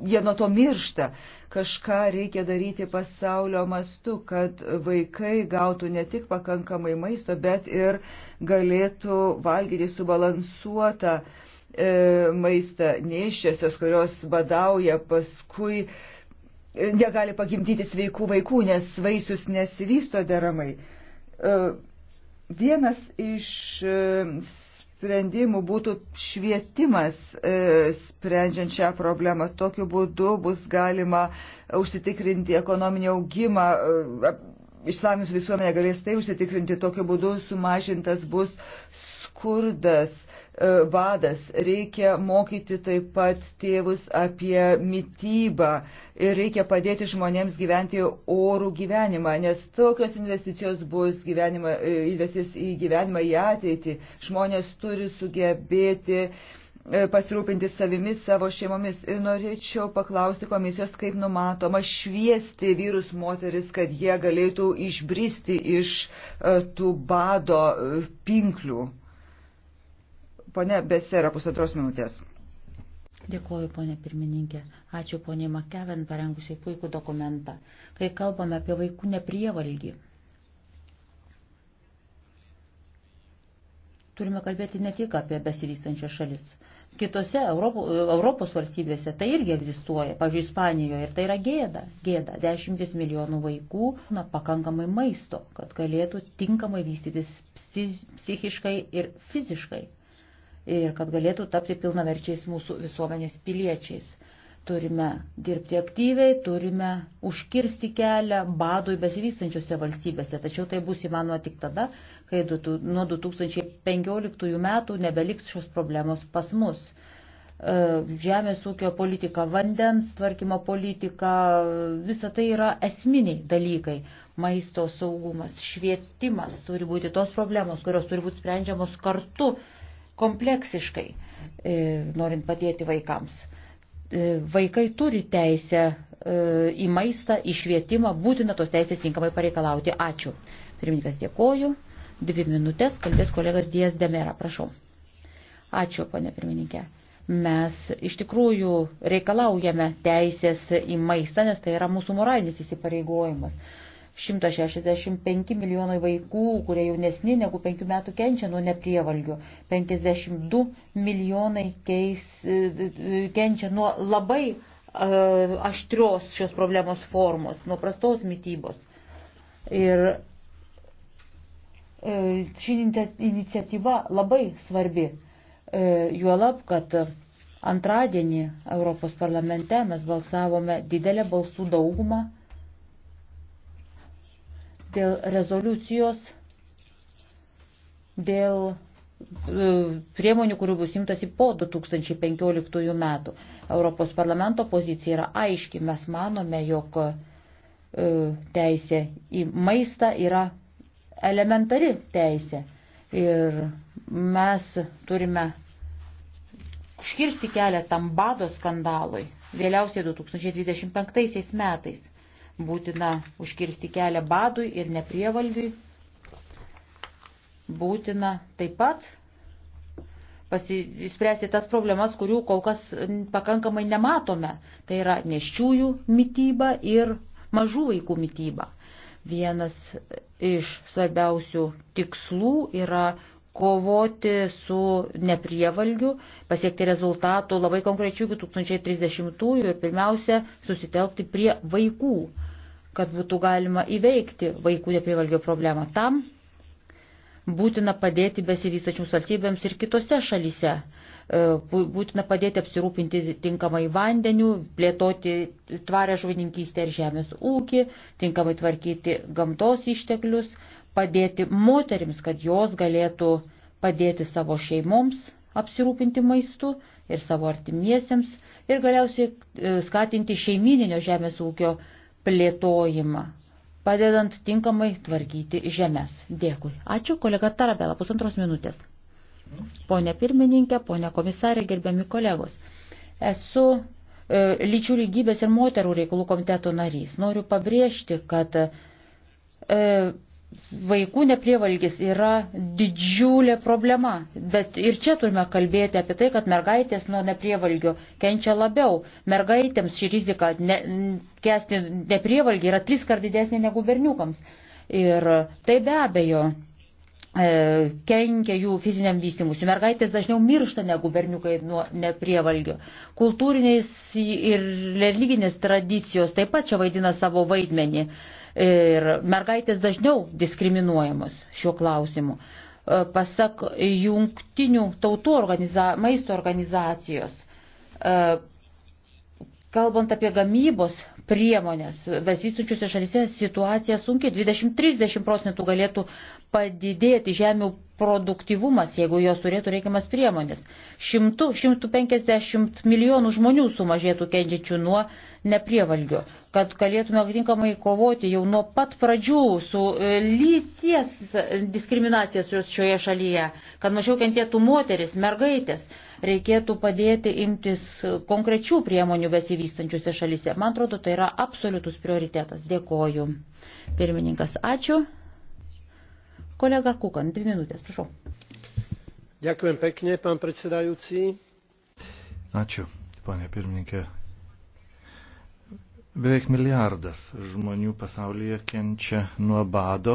jie nuo to miršta. Kažką reikia daryti pasaulio mastu, kad vaikai gautų ne tik pakankamai maisto, bet ir galėtų valgyti subalansuotą e, maistą. Neiščiasios, kurios badauja, paskui e, negali pagimdyti sveikų vaikų, nes vaisius nesivysto deramai. E, vienas iš e, sprendimų būtų švietimas e, sprendžiant šią problemą. Tokiu būdu bus galima užsitikrinti ekonominį augimą. E, Išsavinus visuomenė galės tai užsitikrinti, tokiu būdu sumažintas bus skurdas badas, e, reikia mokyti taip pat tėvus apie mytybą ir reikia padėti žmonėms gyventi orų gyvenimą, nes tokios investicijos bus gyvenimą, e, investicijos į gyvenimą, į ateitį. Žmonės turi sugebėti e, pasirūpinti savimi, savo šeimomis. Ir norėčiau paklausti komisijos, kaip numatoma šviesti vyrus moteris, kad jie galėtų išbristi iš tų bado pinklių. Pone Besera, pusantros minutės. Dėkuoju, ponė pirmininkė. Ačiū ponė Makeven parengusiai puikų dokumentą. Kai kalbame apie vaikų neprievalgį, turime kalbėti ne tik apie besivystančias šalis. Kitose Europo, Europos valstybėse tai irgi egzistuoja, pavyzdžiui, Ispanijoje, ir tai yra gėda. Gėda. Dešimtis milijonų vaikų, na, pakankamai maisto, kad galėtų tinkamai vystytis psichiškai ir fiziškai ir kad galėtų tapti pilnaverčiais mūsų visuomenės piliečiais. Turime dirbti aktyviai, turime užkirsti kelią badui besivystančiose valstybėse, tačiau tai bus įmanoma tik tada, kai nuo 2015 metų nebeliks šios problemos pas mus. E, žemės ūkio politika, vandens tvarkymo politika, visa tai yra esminiai dalykai. Maisto saugumas, švietimas turi būti tos problemos, kurios turi būti sprendžiamos kartu kompleksiškai, e, norint padėti vaikams. E, vaikai turi teisę e, į maistą, į švietimą, būtina tos teisės tinkamai pareikalauti. Ačiū. Pirmininkas dėkoju. Dvi minutės kalbės kolegas Dijas Demera, prašau. Ačiū, ponė pirmininkė. Mes iš tikrųjų reikalaujame teisės į maistą, nes tai yra mūsų moralinis įsipareigojimas. 165 milijonai vaikų, kurie jaunesni negu 5 metų kenčia nuo neprievalgių, 52 milijonai keis, e, e, e, kenčia nuo labai uh, aštrios šios problemos formos, nuo prastos mytybos. Ir uh, ši iniciatyva labai svarbi, uh, juolab, kad antradienį Europos parlamente mes balsavome didelę balsų daugumą dėl rezoliucijos, dėl e, priemonių, kurių bus imtasi po 2015 metų. Europos parlamento pozicija yra aiški. Mes manome, jog e, teisė į maistą yra elementari teisė. Ir mes turime škirsti kelią tam bado skandalui vėliausiai 2025 metais. Būtina užkirsti kelią badui ir neprievalgiui. Būtina taip pat pasispręsti tas problemas, kurių kol kas pakankamai nematome. Tai yra neščiųjų mytyba ir mažų vaikų mytyba. Vienas iš svarbiausių tikslų yra kovoti su neprievalgiu, pasiekti rezultatų labai konkrečių iki 2030-ųjų ir pirmiausia susitelkti prie vaikų, kad būtų galima įveikti vaikų neprievalgio problemą. Tam būtina padėti besivystačiams valstybėms ir kitose šalyse. E, būtina padėti apsirūpinti tinkamai vandeniu, plėtoti tvarę žuvininkystę ir žemės ūkį, tinkamai tvarkyti gamtos išteklius, padėti moterims, kad jos galėtų padėti savo šeimoms apsirūpinti maistu ir savo artimiesiems ir galiausiai e, skatinti šeimininio žemės ūkio plėtojimą, padedant tinkamai tvarkyti žemės. Dėkui. Ačiū, kolega Tarabela, pusantros minutės. Pone pirmininkė, pone komisarė, gerbiami kolegos. Esu e, lyčių lygybės ir moterų reikalų komiteto narys. Noriu pabrėžti, kad e, Vaikų neprievalgis yra didžiulė problema, bet ir čia turime kalbėti apie tai, kad mergaitės nuo neprievalgio kenčia labiau. Mergaitėms šį riziką ne, kesti neprievalgį yra tris kart didesnė negu berniukams. Ir tai be abejo e, kenkia jų fiziniam vystimusi. Mergaitės dažniau miršta negu berniukai nuo neprievalgio. Kultūrinės ir religinės tradicijos taip pat čia vaidina savo vaidmenį ir mergaitės dažniau diskriminuojamos šiuo klausimu. E, pasak jungtinių tautų organiza maisto organizacijos, e, kalbant apie gamybos priemonės, besvystučiuose šalise situacija sunkiai 20-30 procentų galėtų padidėti žemių produktyvumas, jeigu jos turėtų reikiamas priemonės. 100-150 milijonų žmonių sumažėtų kenčiančių nuo neprievalgio, kad galėtume tinkamai kovoti jau nuo pat pradžių su e, lyties diskriminacijos šioje šalyje, kad mažiau kentėtų moteris, mergaitės, reikėtų padėti imtis konkrečių priemonių besivystančiuose šalyse. Man atrodo, tai yra absoliutus prioritetas. Dėkoju. Pirmininkas, ačiū. Kolega Kukan, dvi minutės, prašau. Ďakujem pekne, pán predsedajúci. Ačiū, panė pirmininkė. Beveik milijardas žmonių pasaulyje kenčia nuo bado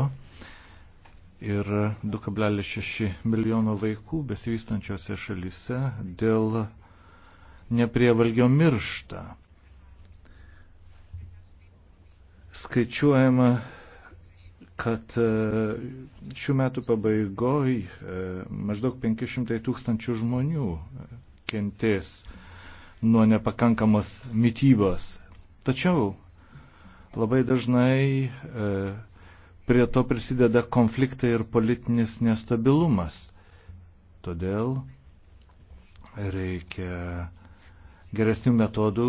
ir 2,6 milijono vaikų besivystančiose šalise dėl neprievalgio miršta. Skaičiuojama, kad e, šių metų pabaigoj e, maždaug 500 tūkstančių žmonių e, kentės nuo nepakankamos mytybos. Tačiau labai dažnai prie to prisideda konfliktai ir politinis nestabilumas. Todėl reikia geresnių metodų,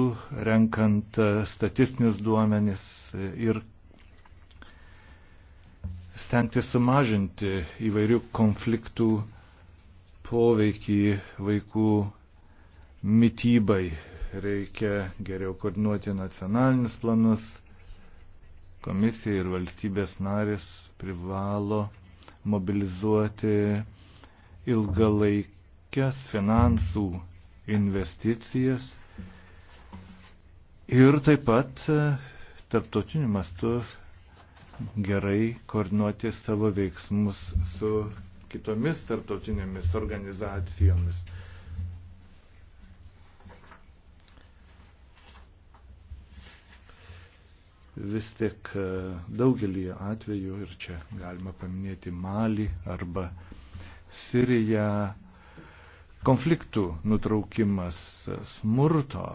renkant statistinius duomenis ir stengtis sumažinti įvairių konfliktų poveikį vaikų mytybai. Reikia geriau koordinuoti nacionalinius planus. Komisija ir valstybės narės privalo mobilizuoti ilgalaikės finansų investicijas ir taip pat e, tarptautiniu mastu gerai koordinuoti savo veiksmus su kitomis tarptautinėmis organizacijomis. Vis tik e, daugelį atvejų ir čia galima paminėti Malį arba Siriją konfliktų nutraukimas, smurto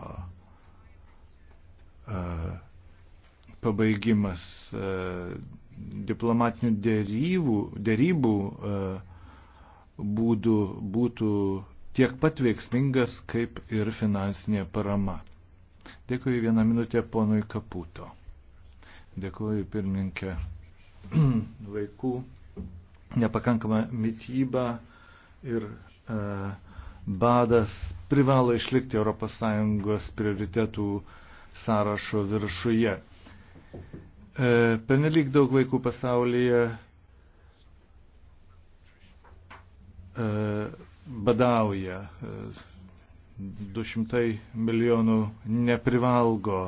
e, pabaigimas e, diplomatinių dėrybų, dėrybų e, būdų būtų tiek pat veiksmingas, kaip ir finansinė parama. Dėkuoju vieną minutę ponui Kaputo. Dėkuoju pirmininkė. Vaikų nepakankama mytyba ir e, badas privalo išlikti ES prioritetų sąrašo viršuje. E, Penelyg daug vaikų pasaulyje e, badauja. 200 e, milijonų neprivalgo.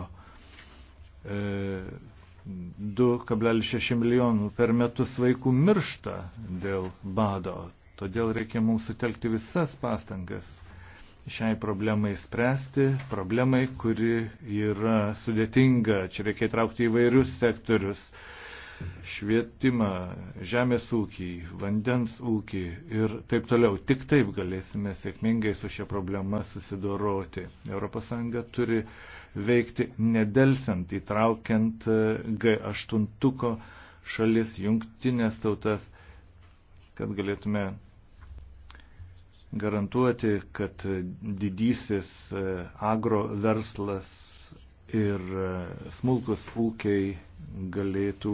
2,6 milijonų per metus vaikų miršta dėl bado. Todėl reikia mums sutelkti visas pastangas, šiai problemai spręsti, problemai, kuri yra sudėtinga. Čia reikia įtraukti įvairius sektorius - švietimą, žemės ūkį, vandens ūkį ir taip toliau. Tik taip galėsime sėkmingai su šia problema susidoroti. ES turi veikti nedelsiant, įtraukiant e, G8 šalis, jungtinės tautas, kad galėtume garantuoti, kad didysis e, agro verslas ir e, smulkus ūkiai galėtų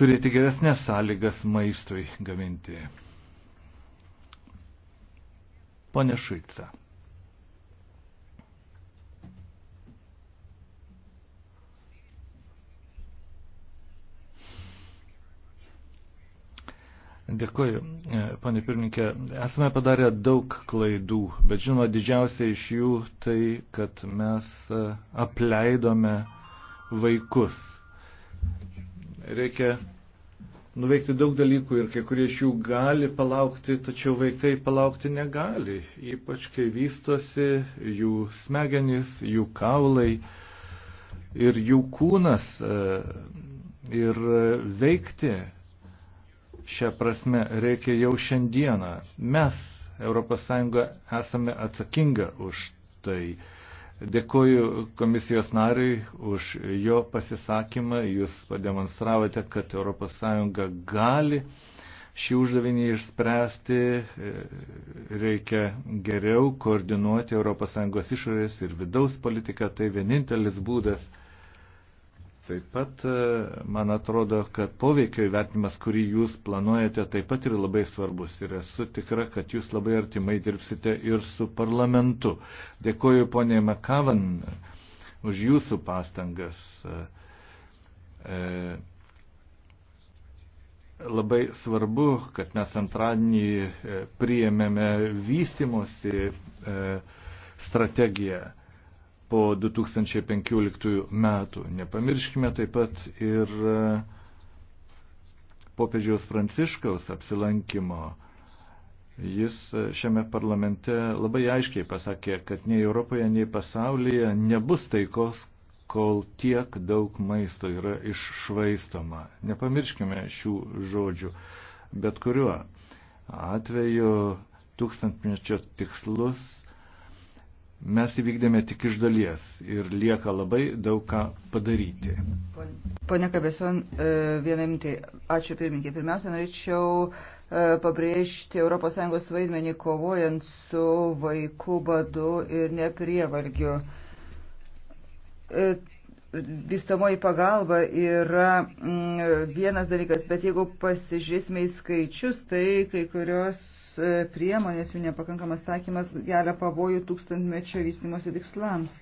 turėti geresnės sąlygas maistui gaminti. Pone Šuica. Dėkuoju, e, panė pirmininkė. Esame padarę daug klaidų, bet žinoma, didžiausia iš jų tai, kad mes e, apleidome vaikus. Reikia nuveikti daug dalykų ir kai kurie iš jų gali palaukti, tačiau vaikai palaukti negali, ypač kai vystosi jų smegenys, jų kaulai ir jų kūnas e, ir veikti Šią prasme reikia jau šiandieną. Mes, ES, esame atsakinga už tai. Dėkuoju komisijos nariui už jo pasisakymą. Jūs pademonstravote, kad ES gali šį uždavinį išspręsti. Reikia geriau koordinuoti ES išorės ir vidaus politiką. Tai vienintelis būdas Taip pat e, man atrodo, kad poveikio įvertinimas, kurį jūs planuojate, taip pat yra labai svarbus ir esu tikra, kad jūs labai artimai dirbsite ir su parlamentu. Dėkoju ponė Makavan už jūsų pastangas. E, e labai svarbu, kad mes antradienį e, priėmėme vystimosi e, strategiją po 2015 metų. Nepamirškime taip pat ir e, popiežiaus Pranciškaus apsilankimo. Jis e, šiame parlamente labai aiškiai pasakė, kad nei Europoje, nei pasaulyje nebus taikos, kol tiek daug maisto yra iššvaistoma. Nepamirškime šių žodžių. Bet kuriuo atveju tūkstantmečio tikslus mes įvykdėme tik iš dalies ir lieka labai daug ką padaryti. Pone Kabeson, e, vieną minutį. Ačiū pirmininkė. Pirmiausia, norėčiau e, pabrėžti ES vaidmenį kovojant su vaikų badu ir neprievalgiu. E, vystomoji pagalba yra mm, vienas dalykas, bet jeigu pasižiūrėsime į skaičius, tai kai kurios E, priemonės, jų nepakankamas taikymas kelia pavojų tūkstantmečio vystimosi tikslams.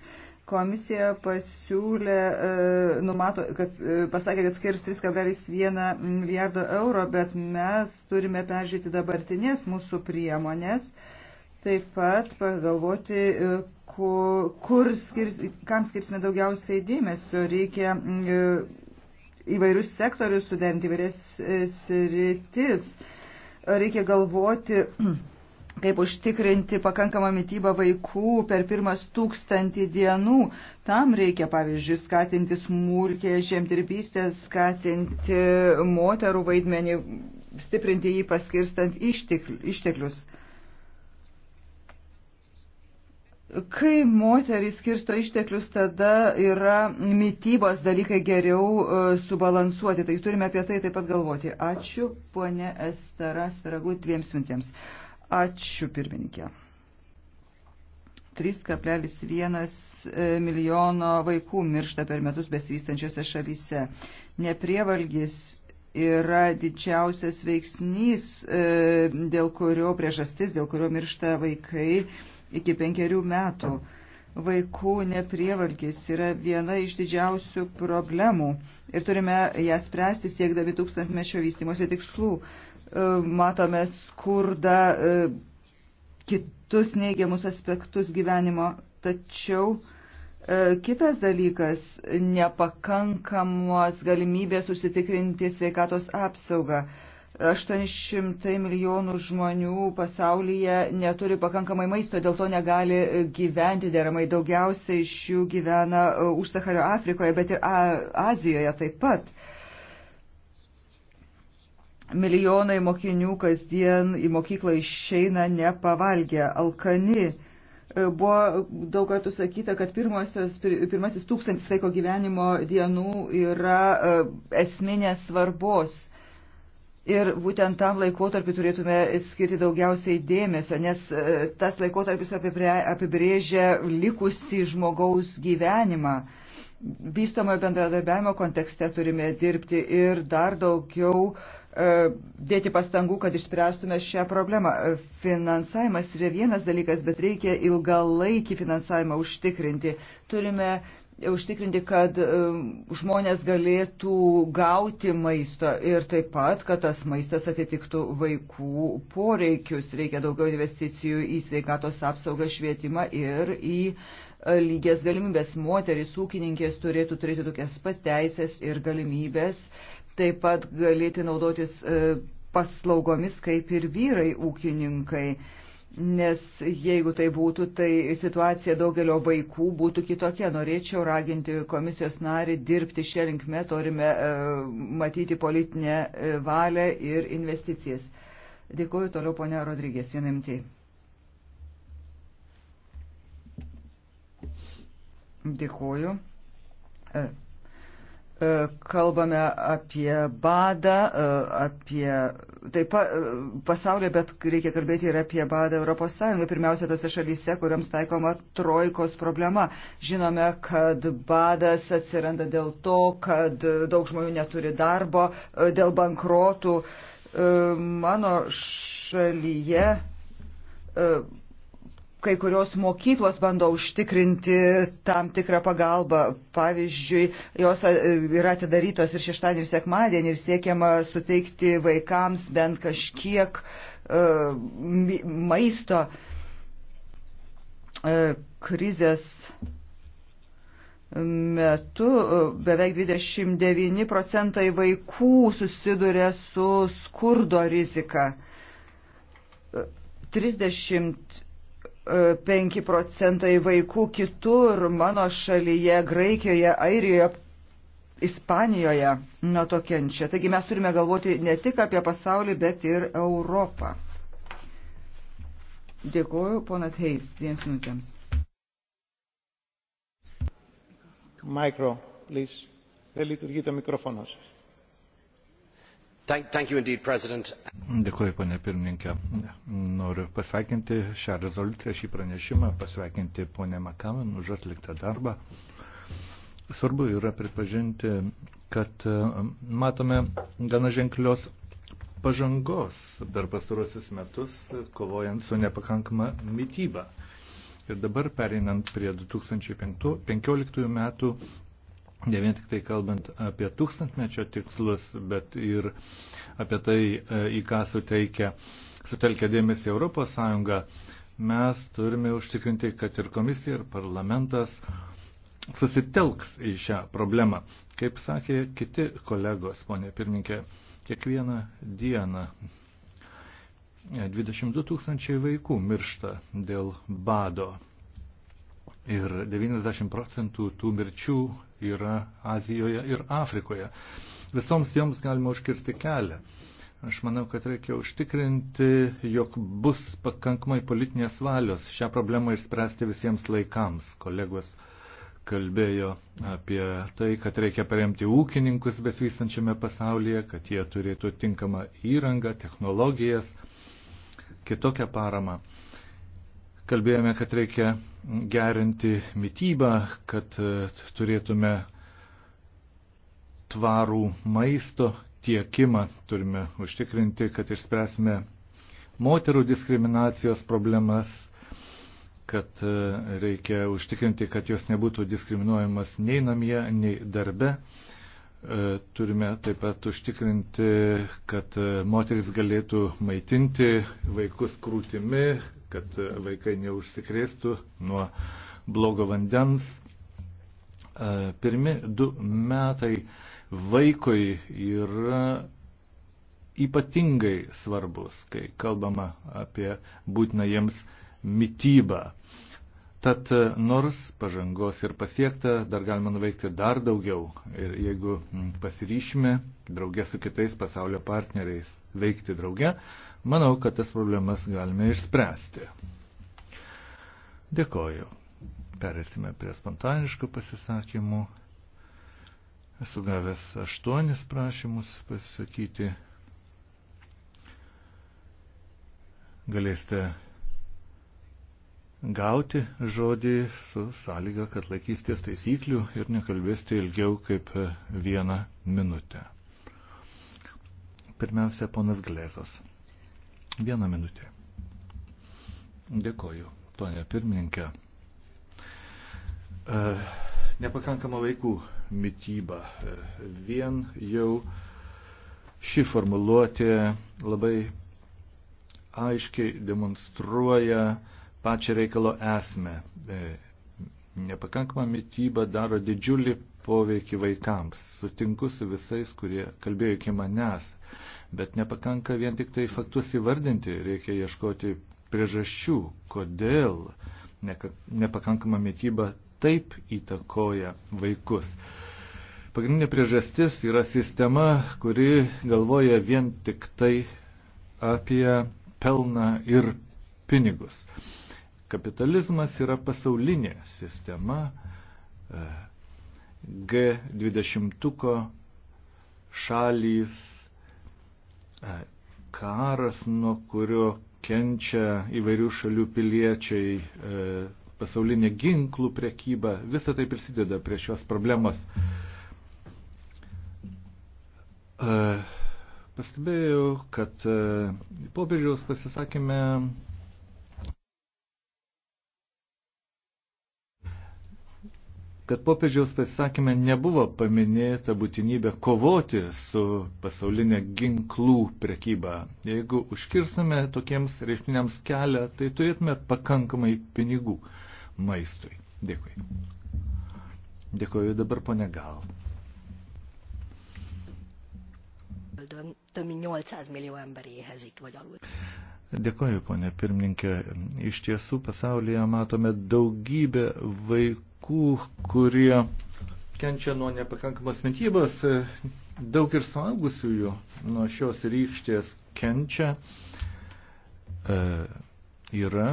Komisija pasiūlė, e, numato, kad e, pasakė, kad skirs 3,1 milijardo euro, bet mes turime peržiūrėti dabartinės mūsų priemonės, taip pat pagalvoti, kur, kur skirs, kam skirsime daugiausiai dėmesio. Reikia įvairius sektorius suderinti, įvairias sritis. E, reikia galvoti, kaip užtikrinti pakankamą mytybą vaikų per pirmas tūkstantį dienų. Tam reikia, pavyzdžiui, skatinti smulkė žemdirbystę, skatinti moterų vaidmenį, stiprinti jį paskirstant išteklius. Kai moterys skirsto išteklius, tada yra mytybos dalykai geriau e, subalansuoti. Tai turime apie tai taip pat galvoti. Ačiū, ponė Estera Sferagu, dviems mintėms. Ačiū, pirmininkė. 3,1 e, milijono vaikų miršta per metus besivystančiose šalyse. Neprievalgis yra didžiausias veiksnys, e, dėl kurio priežastis, dėl kurio miršta vaikai iki penkerių metų. Vaikų neprievargis yra viena iš didžiausių problemų ir turime ją spręsti siekdami tūkstantmečio vystimosi tikslų. E, matome skurdą, e, kitus neigiamus aspektus gyvenimo, tačiau e, Kitas dalykas - nepakankamos galimybės užsitikrinti sveikatos apsaugą. 800 milijonų žmonių pasaulyje neturi pakankamai maisto, dėl to negali gyventi deramai. Daugiausiai iš jų gyvena e, už Sahario Afrikoje, bet ir Azijoje taip pat. Milijonai mokinių kasdien į mokyklą išeina nepavalgę, alkani. E, buvo daug kartų sakyta, kad pirmosios, pirmasis tūkstantis vaiko gyvenimo dienų yra e, esminės svarbos Ir būtent tam laikotarpiu turėtume skirti daugiausiai dėmesio, nes e, tas laikotarpis apibrėžia likusi žmogaus gyvenimą. Vystomojo bendradarbiavimo kontekste turime dirbti ir dar daugiau e, dėti pastangų, kad išspręstume šią problemą. Finansavimas yra vienas dalykas, bet reikia ilgalaikį finansavimą užtikrinti. Turime užtikrinti, kad um, žmonės galėtų gauti maisto ir taip pat, kad tas maistas atitiktų vaikų poreikius. Reikia daugiau investicijų į sveikatos apsaugą, švietimą ir į e, lygias galimybės. Moteris, ūkininkės turėtų turėti tokias pat teisės ir galimybės, taip pat galėti naudotis e, paslaugomis kaip ir vyrai ūkininkai nes jeigu tai būtų, tai situacija daugelio vaikų būtų kitokia. Norėčiau raginti komisijos narį dirbti šią linkmę, turime e, matyti politinę e, valią ir investicijas. Dėkuoju toliau ponia Rodrygės, vieną mintį. Dėkuoju. E, e kalbame apie badą, e, apie taip pat pasaulyje, bet reikia kalbėti ir apie badą Europos Sąjungą, pirmiausia tose šalyse, kuriams taikoma trojkos problema. Žinome, kad badas atsiranda dėl to, kad daug žmonių neturi darbo, e, dėl bankrotų. E, mano šalyje e, kai kurios mokyklos bando užtikrinti tam tikrą pagalbą. Pavyzdžiui, jos e, yra atidarytos ir šeštadienį, ir sekmadienį ir siekiama suteikti vaikams bent kažkiek uh, maisto uh, krizės metu beveik 29 procentai vaikų susiduria su skurdo rizika. 30 5 procentai vaikų kitur, mano šalyje, Graikijoje, Airijoje, Ispanijoje nuo to kenčia. Taigi mes turime galvoti ne tik apie pasaulį, bet ir Europą. Dėkuoju, ponas Heis, dviems minutėms. Micro, please. Δεν λειτουργεί το μικρόφωνο σας. Indeed, Dėkuoju, ponė pirmininkė. Noriu pasveikinti šią rezoliuciją, šį pranešimą, pasveikinti ponę Makaman už atliktą darbą. Svarbu yra pripažinti, kad um, matome gana ženklios pažangos per pastarosius metus, kovojant su nepakankama mytyba. Ir dabar pereinant prie 2015 metų ne vien tik tai kalbant apie tūkstantmečio tikslus, bet ir apie tai, e, į ką suteikia, sutelkia dėmesį ES, mes turime užtikrinti, kad ir komisija, ir parlamentas susitelks į šią problemą. Kaip sakė kiti kolegos, ponė pirminkė, kiekvieną dieną 22 e, tūkstančiai vaikų miršta dėl bado. Ir 90 procentų tų mirčių yra Azijoje ir Afrikoje. Visoms joms galima užkirti kelią. Aš manau, kad reikia užtikrinti, jog bus pakankamai politinės valios šią problemą išspręsti visiems laikams. Kolegos kalbėjo apie tai, kad reikia paremti ūkininkus besvystančiame pasaulyje, kad jie turėtų tinkamą įrangą, technologijas, kitokią paramą. Kalbėjome, kad reikia gerinti mytybą, kad e, turėtume tvarų maisto tiekimą, turime užtikrinti, kad išspręsime moterų diskriminacijos problemas, kad e, reikia užtikrinti, kad jos nebūtų diskriminuojamas nei namie, nei darbe. E, turime taip pat užtikrinti, kad moteris galėtų maitinti vaikus krūtimi, kad vaikai neužsikrėstų nuo blogo vandens. E, pirmi du metai vaikui yra ypatingai svarbus, kai kalbama apie būtiną jiems mytybą. Tad e, nors pažangos ir pasiekta, dar galima nuveikti dar daugiau. Ir jeigu pasiryšime draugė su kitais pasaulio partneriais veikti drauge, Manau, kad tas problemas galime išspręsti. Dėkoju. Perėsime prie spontaniškų pasisakymų. Esu gavęs aštuonis prašymus pasisakyti. Galėsite gauti žodį su sąlyga, kad laikysitės taisyklių ir nekalbėsite ilgiau kaip vieną minutę. Pirmiausia, ponas Glezos. Vieną minutę. Dėkoju, ponė pirmininkė. E, nepakankama vaikų mytyba. E, vien jau ši formuluotė labai aiškiai demonstruoja pačią reikalo esmę. E, nepakankama mytyba daro didžiulį poveikį vaikams. Sutinku su visais, kurie kalbėjo iki manęs, bet nepakanka vien tik tai faktus įvardinti, reikia ieškoti priežasčių, kodėl nepakankama mytyba taip įtakoja vaikus. Pagrindinė priežastis yra sistema, kuri galvoja vien tik tai apie pelną ir pinigus. Kapitalizmas yra pasaulinė sistema, G20 šalys e, karas, nuo kurio kenčia įvairių šalių piliečiai, e, pasaulinė ginklų prekyba, visa tai prisideda prie šios problemos. E, pastebėjau, kad popiežiaus pasisakymė kad popiežiaus pasisakymė nebuvo paminėta būtinybė kovoti su pasaulinė ginklų prekyba. Jeigu užkirstume tokiems reiškiniams kelią, tai turėtume pakankamai pinigų maistui. Dėkui. Dėkuoju dabar pone Gal. 800 millió ember éhezik vagy alul. Dėkoju, ponė pirmininkė. Iš tiesų pasaulyje matome daugybę vaikų vaikų, kurie kenčia nuo nepakankamos mytybos, daug ir suaugusiųjų nuo šios rykštės kenčia, e, yra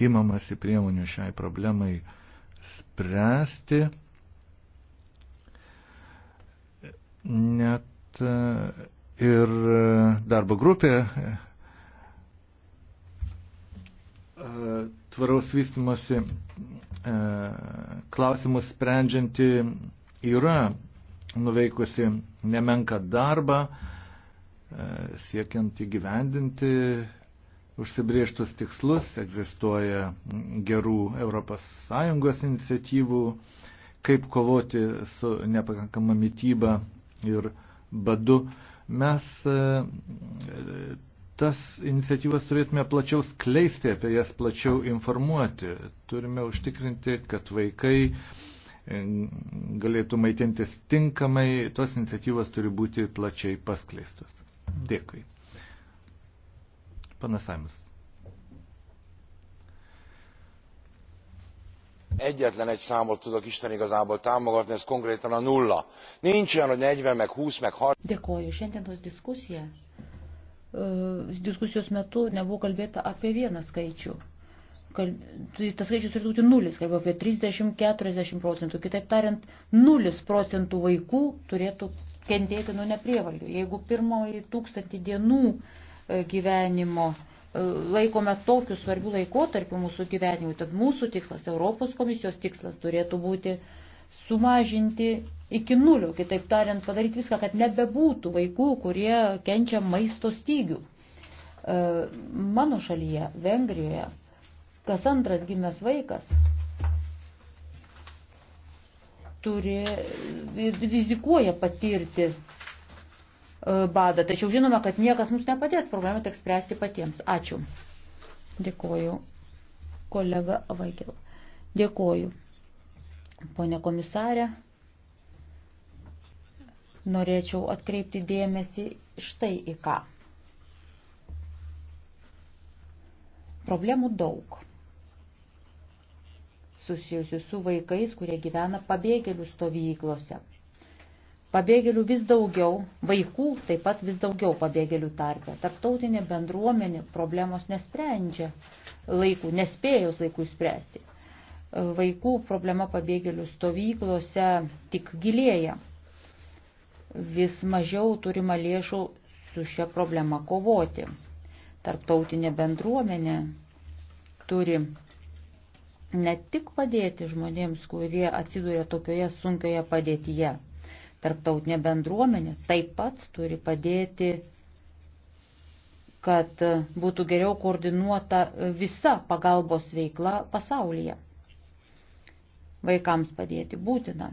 imamasi priemonių šiai problemai spręsti. Net e, ir darbo grupė e, tvaraus vystimosi E, klausimus sprendžianti yra nuveikusi nemenka darbą, e, siekiant įgyvendinti užsibrieštus tikslus, egzistuoja gerų ES iniciatyvų, kaip kovoti su nepakankama mytyba ir badu. Mes e, tas iniciatyvas turėtume plačiau skleisti, apie jas plačiau informuoti. Turime užtikrinti, kad vaikai e, galėtų maitintis tinkamai, tos iniciatyvas turi būti plačiai paskleistos. Dėkui. Panasavimas. Egyetlen egy számot tudok Isten igazából támogatni, ez konkrétan a nulla. Nincs olyan, hogy 40, meg 20, meg 30. Dėkoju. Šiandienos diskusija E, diskusijos metu nebuvo kalbėta apie vieną skaičių. Kal, tai tas skaičius turėtų būti nulis, kalba apie 30-40 procentų. Kitaip tariant, nulis procentų vaikų turėtų kentėti nuo neprievalgių. Jeigu pirmoji tūkstantį dienų e, gyvenimo e, laikome tokiu svarbiu laikotarpiu mūsų gyvenimui, tad mūsų tikslas, Europos komisijos tikslas turėtų būti uh, sumažinti iki nulio, kitaip tariant, padaryti viską, kad nebebūtų vaikų, kurie kenčia maisto stygių. E, mano šalyje, Vengrijoje, kas antras gimęs vaikas turi, rizikuoja patirti e, badą. Tačiau žinoma, kad niekas mums nepadės, problemą teks spręsti patiems. Ačiū. Dėkoju, kolega Vaikėl. Dėkoju. Pone komisarė, norėčiau atkreipti dėmesį štai į ką. Problemų daug susijusių su vaikais, kurie gyvena pabėgėlių stovyklose. Pabėgėlių vis daugiau, vaikų taip pat vis daugiau pabėgėlių tarpė. Tarptautinė bendruomenė problemos nesprendžia laikų, nespėjus laikų spręsti. Vaikų problema pabėgėlių stovyklose tik gilėja. Vis mažiau turima lėšų su šia problema kovoti. Tarptautinė bendruomenė turi ne tik padėti žmonėms, kurie atsiduria tokioje sunkioje padėtyje. Tarptautinė bendruomenė taip pat turi padėti, kad būtų geriau koordinuota visa pagalbos veikla pasaulyje. Vaikams padėti būtina.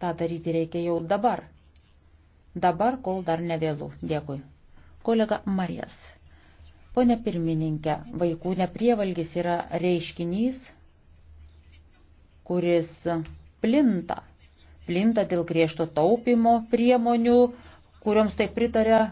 Ta daryti reikia jau dabar. Dabar, kol dar nevėlų. Dėkui. Kolega Marijas. Pone pirmininkė, vaikų neprievalgys yra reiškinys, kuris plinta. Plinta dėl griežto taupimo priemonių, kurioms taip pritarė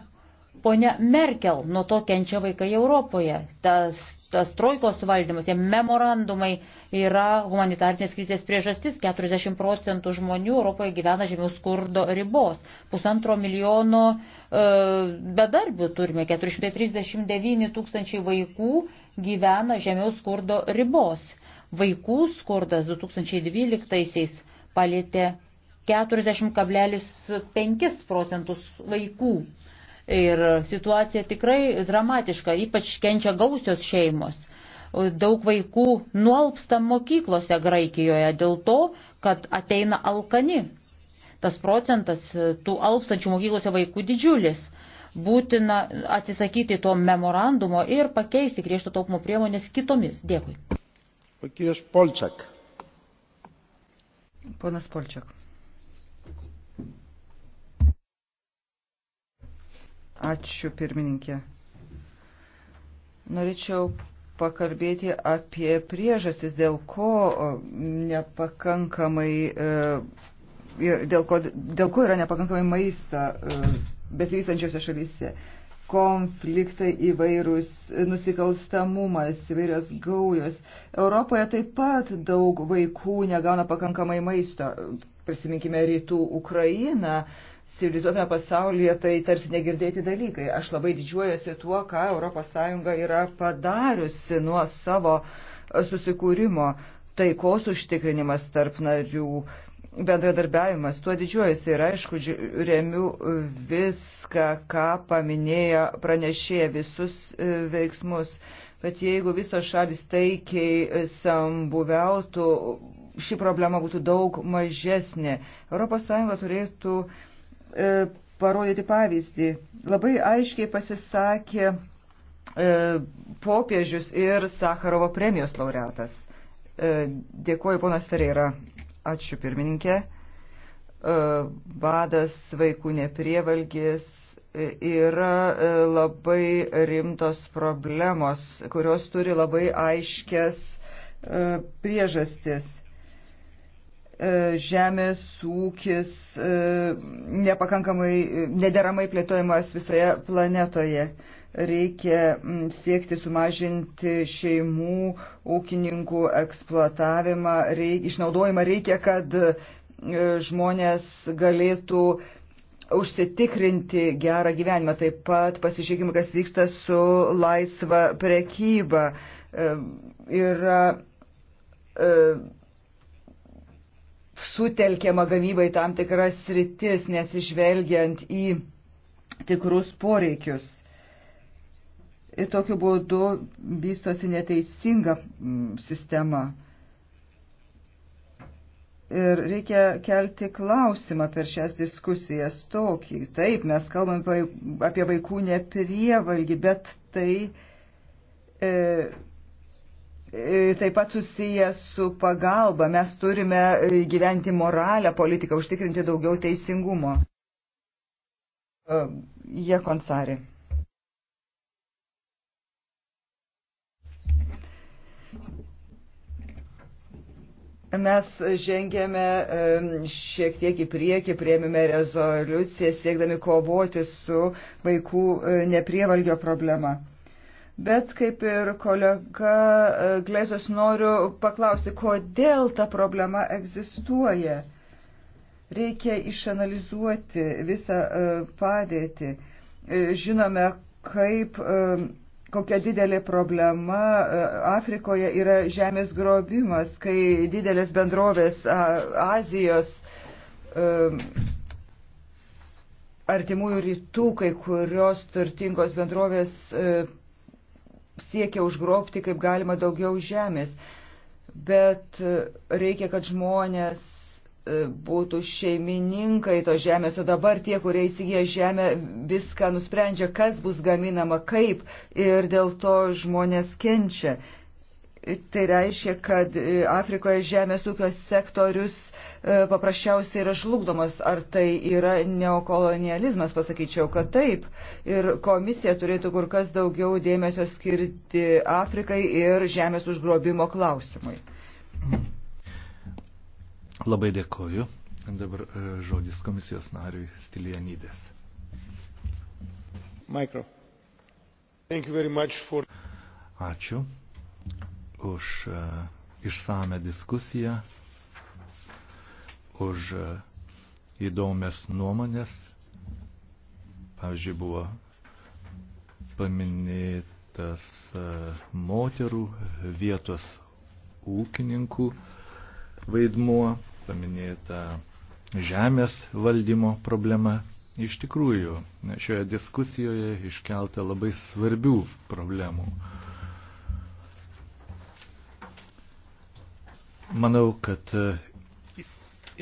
ponia Merkel. Nuo to kenčia vaikai Europoje. Tas tas trojkos valdymas, tie memorandumai yra humanitarnės krizės priežastis. 40 procentų žmonių Europoje gyvena žemiau skurdo ribos. Pusantro milijono e, bedarbių turime, 439 tūkstančiai vaikų gyvena žemiau skurdo ribos. Vaikų skurdas 2012-aisiais palėtė 40,5 procentus vaikų. Ir situacija tikrai dramatiška, ypač kenčia gausios šeimos. Daug vaikų nuolpsta mokyklose Graikijoje dėl to, kad ateina alkani. Tas procentas tų alpstančių mokyklose vaikų didžiulis. Būtina atsisakyti to memorandumo ir pakeisti griežto taupimo priemonės kitomis. Dėkui. Ponas Polčiak. Ačiū pirmininkė. Norėčiau pakalbėti apie priežastis, dėl ko nepakankamai, e, dėl ko, dėl ko yra nepakankamai maista e, besivystančiose šalyse. Konfliktai įvairūs, nusikalstamumas, įvairios gaujos. Europoje taip pat daug vaikų negauna pakankamai maisto. Prisiminkime rytų Ukrainą. Uh, civilizuotame pasaulyje tai tarsi negirdėti dalykai. Aš labai didžiuojuosi tuo, ką ES yra padariusi nuo savo e, susikūrimo taikos užtikrinimas tarp narių, bendradarbiavimas. Tuo didžiuojasi ir aišku, remiu viską, ką paminėjo pranešėja visus e, veiksmus. Bet jeigu visos šalis taikiai e, sambuviautų, ši problema būtų daug mažesnė. ES turėtų uh, E, parodyti pavyzdį. Labai aiškiai pasisakė e, popiežius ir Sakarovo premijos laureatas. E, Dėkuoju, ponas Ferreira. Ačiū, pirmininkė. Badas, vaikų neprievalgis yra labai rimtos problemos, kurios turi labai aiškias priežastis E, žemės ūkis e, nepakankamai, nederamai plėtojamas visoje planetoje. Reikia siekti sumažinti šeimų, ūkininkų eksploatavimą, reik, išnaudojimą. Reikia, kad e, žmonės galėtų užsitikrinti gerą gyvenimą. Taip pat pasižiūrėkime, kas vyksta su laisva prekyba. Yra sutelkiama gamybai tam tikras sritis, nesižvelgiant į tikrus poreikius. Ir tokiu būdu vystosi neteisinga mm, sistema. Ir reikia kelti klausimą per šias diskusijas tokį. Taip, mes kalbam apie vaikų neprievalgį, bet tai e, E, taip pat susijęs su pagalba. Mes turime e, gyventi moralę politiką, užtikrinti daugiau teisingumo. E, jie konsari. Mes žengėme šiek tiek į priekį, prieimėme rezoliuciją siekdami kovoti su vaikų neprievalgio problema. Bet kaip ir kolega e, Gleizos noriu paklausti, kodėl ta problema egzistuoja. Reikia išanalizuoti visą e, padėtį. E, žinome, kaip, kokia didelė problema Afrikoje yra žemės grobimas, kai didelės bendrovės Azijos artimųjų rytų, kai kurios turtingos bendrovės siekia užgrobti kaip galima daugiau žemės, bet reikia, kad žmonės e, būtų šeimininkai to žemės, o dabar tie, kurie įsigyja žemę, viską nusprendžia, kas bus gaminama, kaip ir dėl to žmonės kenčia. Tai reiškia, kad e, Afrikoje žemės ūkio sektorius e, paprasčiausiai yra žlugdomas. Ar tai yra neokolonializmas, pasakyčiau, kad taip. Ir komisija turėtų kur kas daugiau dėmesio skirti Afrikai ir žemės užgrobimo klausimui. Labai dėkoju. Dabar e, žodis komisijos nariui Stilianydės. Mikro. For... Ačiū už e, išsame diskusiją, už e, įdomias nuomonės. Pavyzdžiui, buvo paminėtas e, moterų vietos ūkininkų vaidmuo, paminėta žemės valdymo problema. Iš tikrųjų, šioje diskusijoje iškelta labai svarbių problemų. Manau, kad e,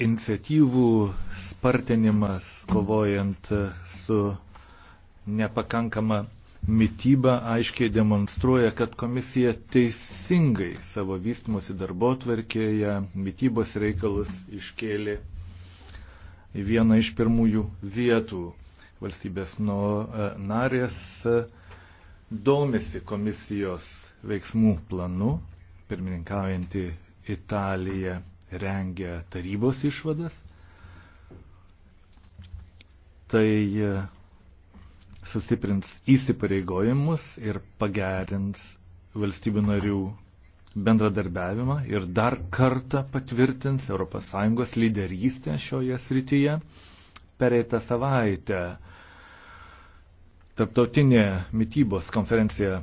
iniciatyvų spartinimas kovojant e, su nepakankama mytyba aiškiai demonstruoja, kad komisija teisingai savo vystimosi darbo tvarkėje mytybos reikalus iškėlė į vieną iš pirmųjų vietų. Valstybės nuo e, narės domisi komisijos veiksmų planu, pirmininkaujantį Italija rengia tarybos išvadas, tai e, sustiprins įsipareigojimus ir pagerins valstybių narių bendradarbiavimą ir dar kartą patvirtins ES lyderystę šioje srityje. Pereitą savaitę Tarptautinė mytybos konferencija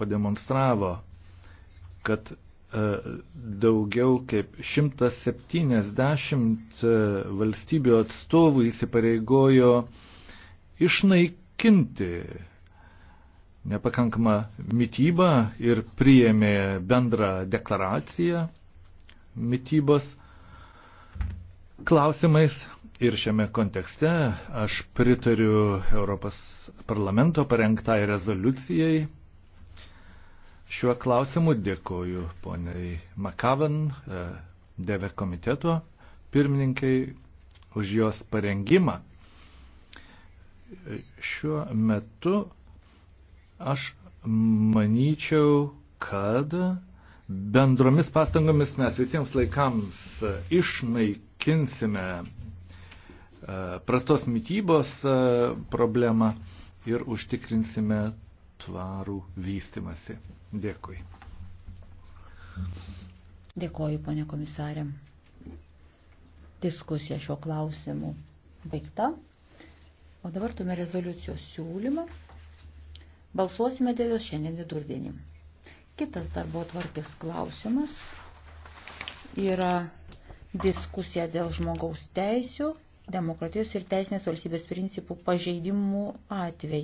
pademonstravo, kad E, daugiau kaip 170 e, valstybių atstovų įsipareigojo išnaikinti nepakankamą mytybą ir priėmė bendrą deklaraciją mytybos klausimais. Ir šiame kontekste aš pritariu Europos parlamento parengtai rezoliucijai Šiuo klausimu dėkoju poniai Makavan, e, DV komiteto pirmininkai, už jos parengimą. Šiuo metu aš manyčiau, kad bendromis pastangomis mes visiems laikams išnaikinsime e, prastos mytybos e, problemą ir užtikrinsime tvarų vystimasi. Dėkui. Dėkoju, ponė komisarė. Diskusija šio klausimu baigta. O dabar turime rezoliucijos siūlymą. Balsuosime dėl jos šiandien vidurdienį. Kitas darbo tvarkės klausimas yra diskusija dėl žmogaus teisių, demokratijos ir teisinės valstybės principų pažeidimų atvejų.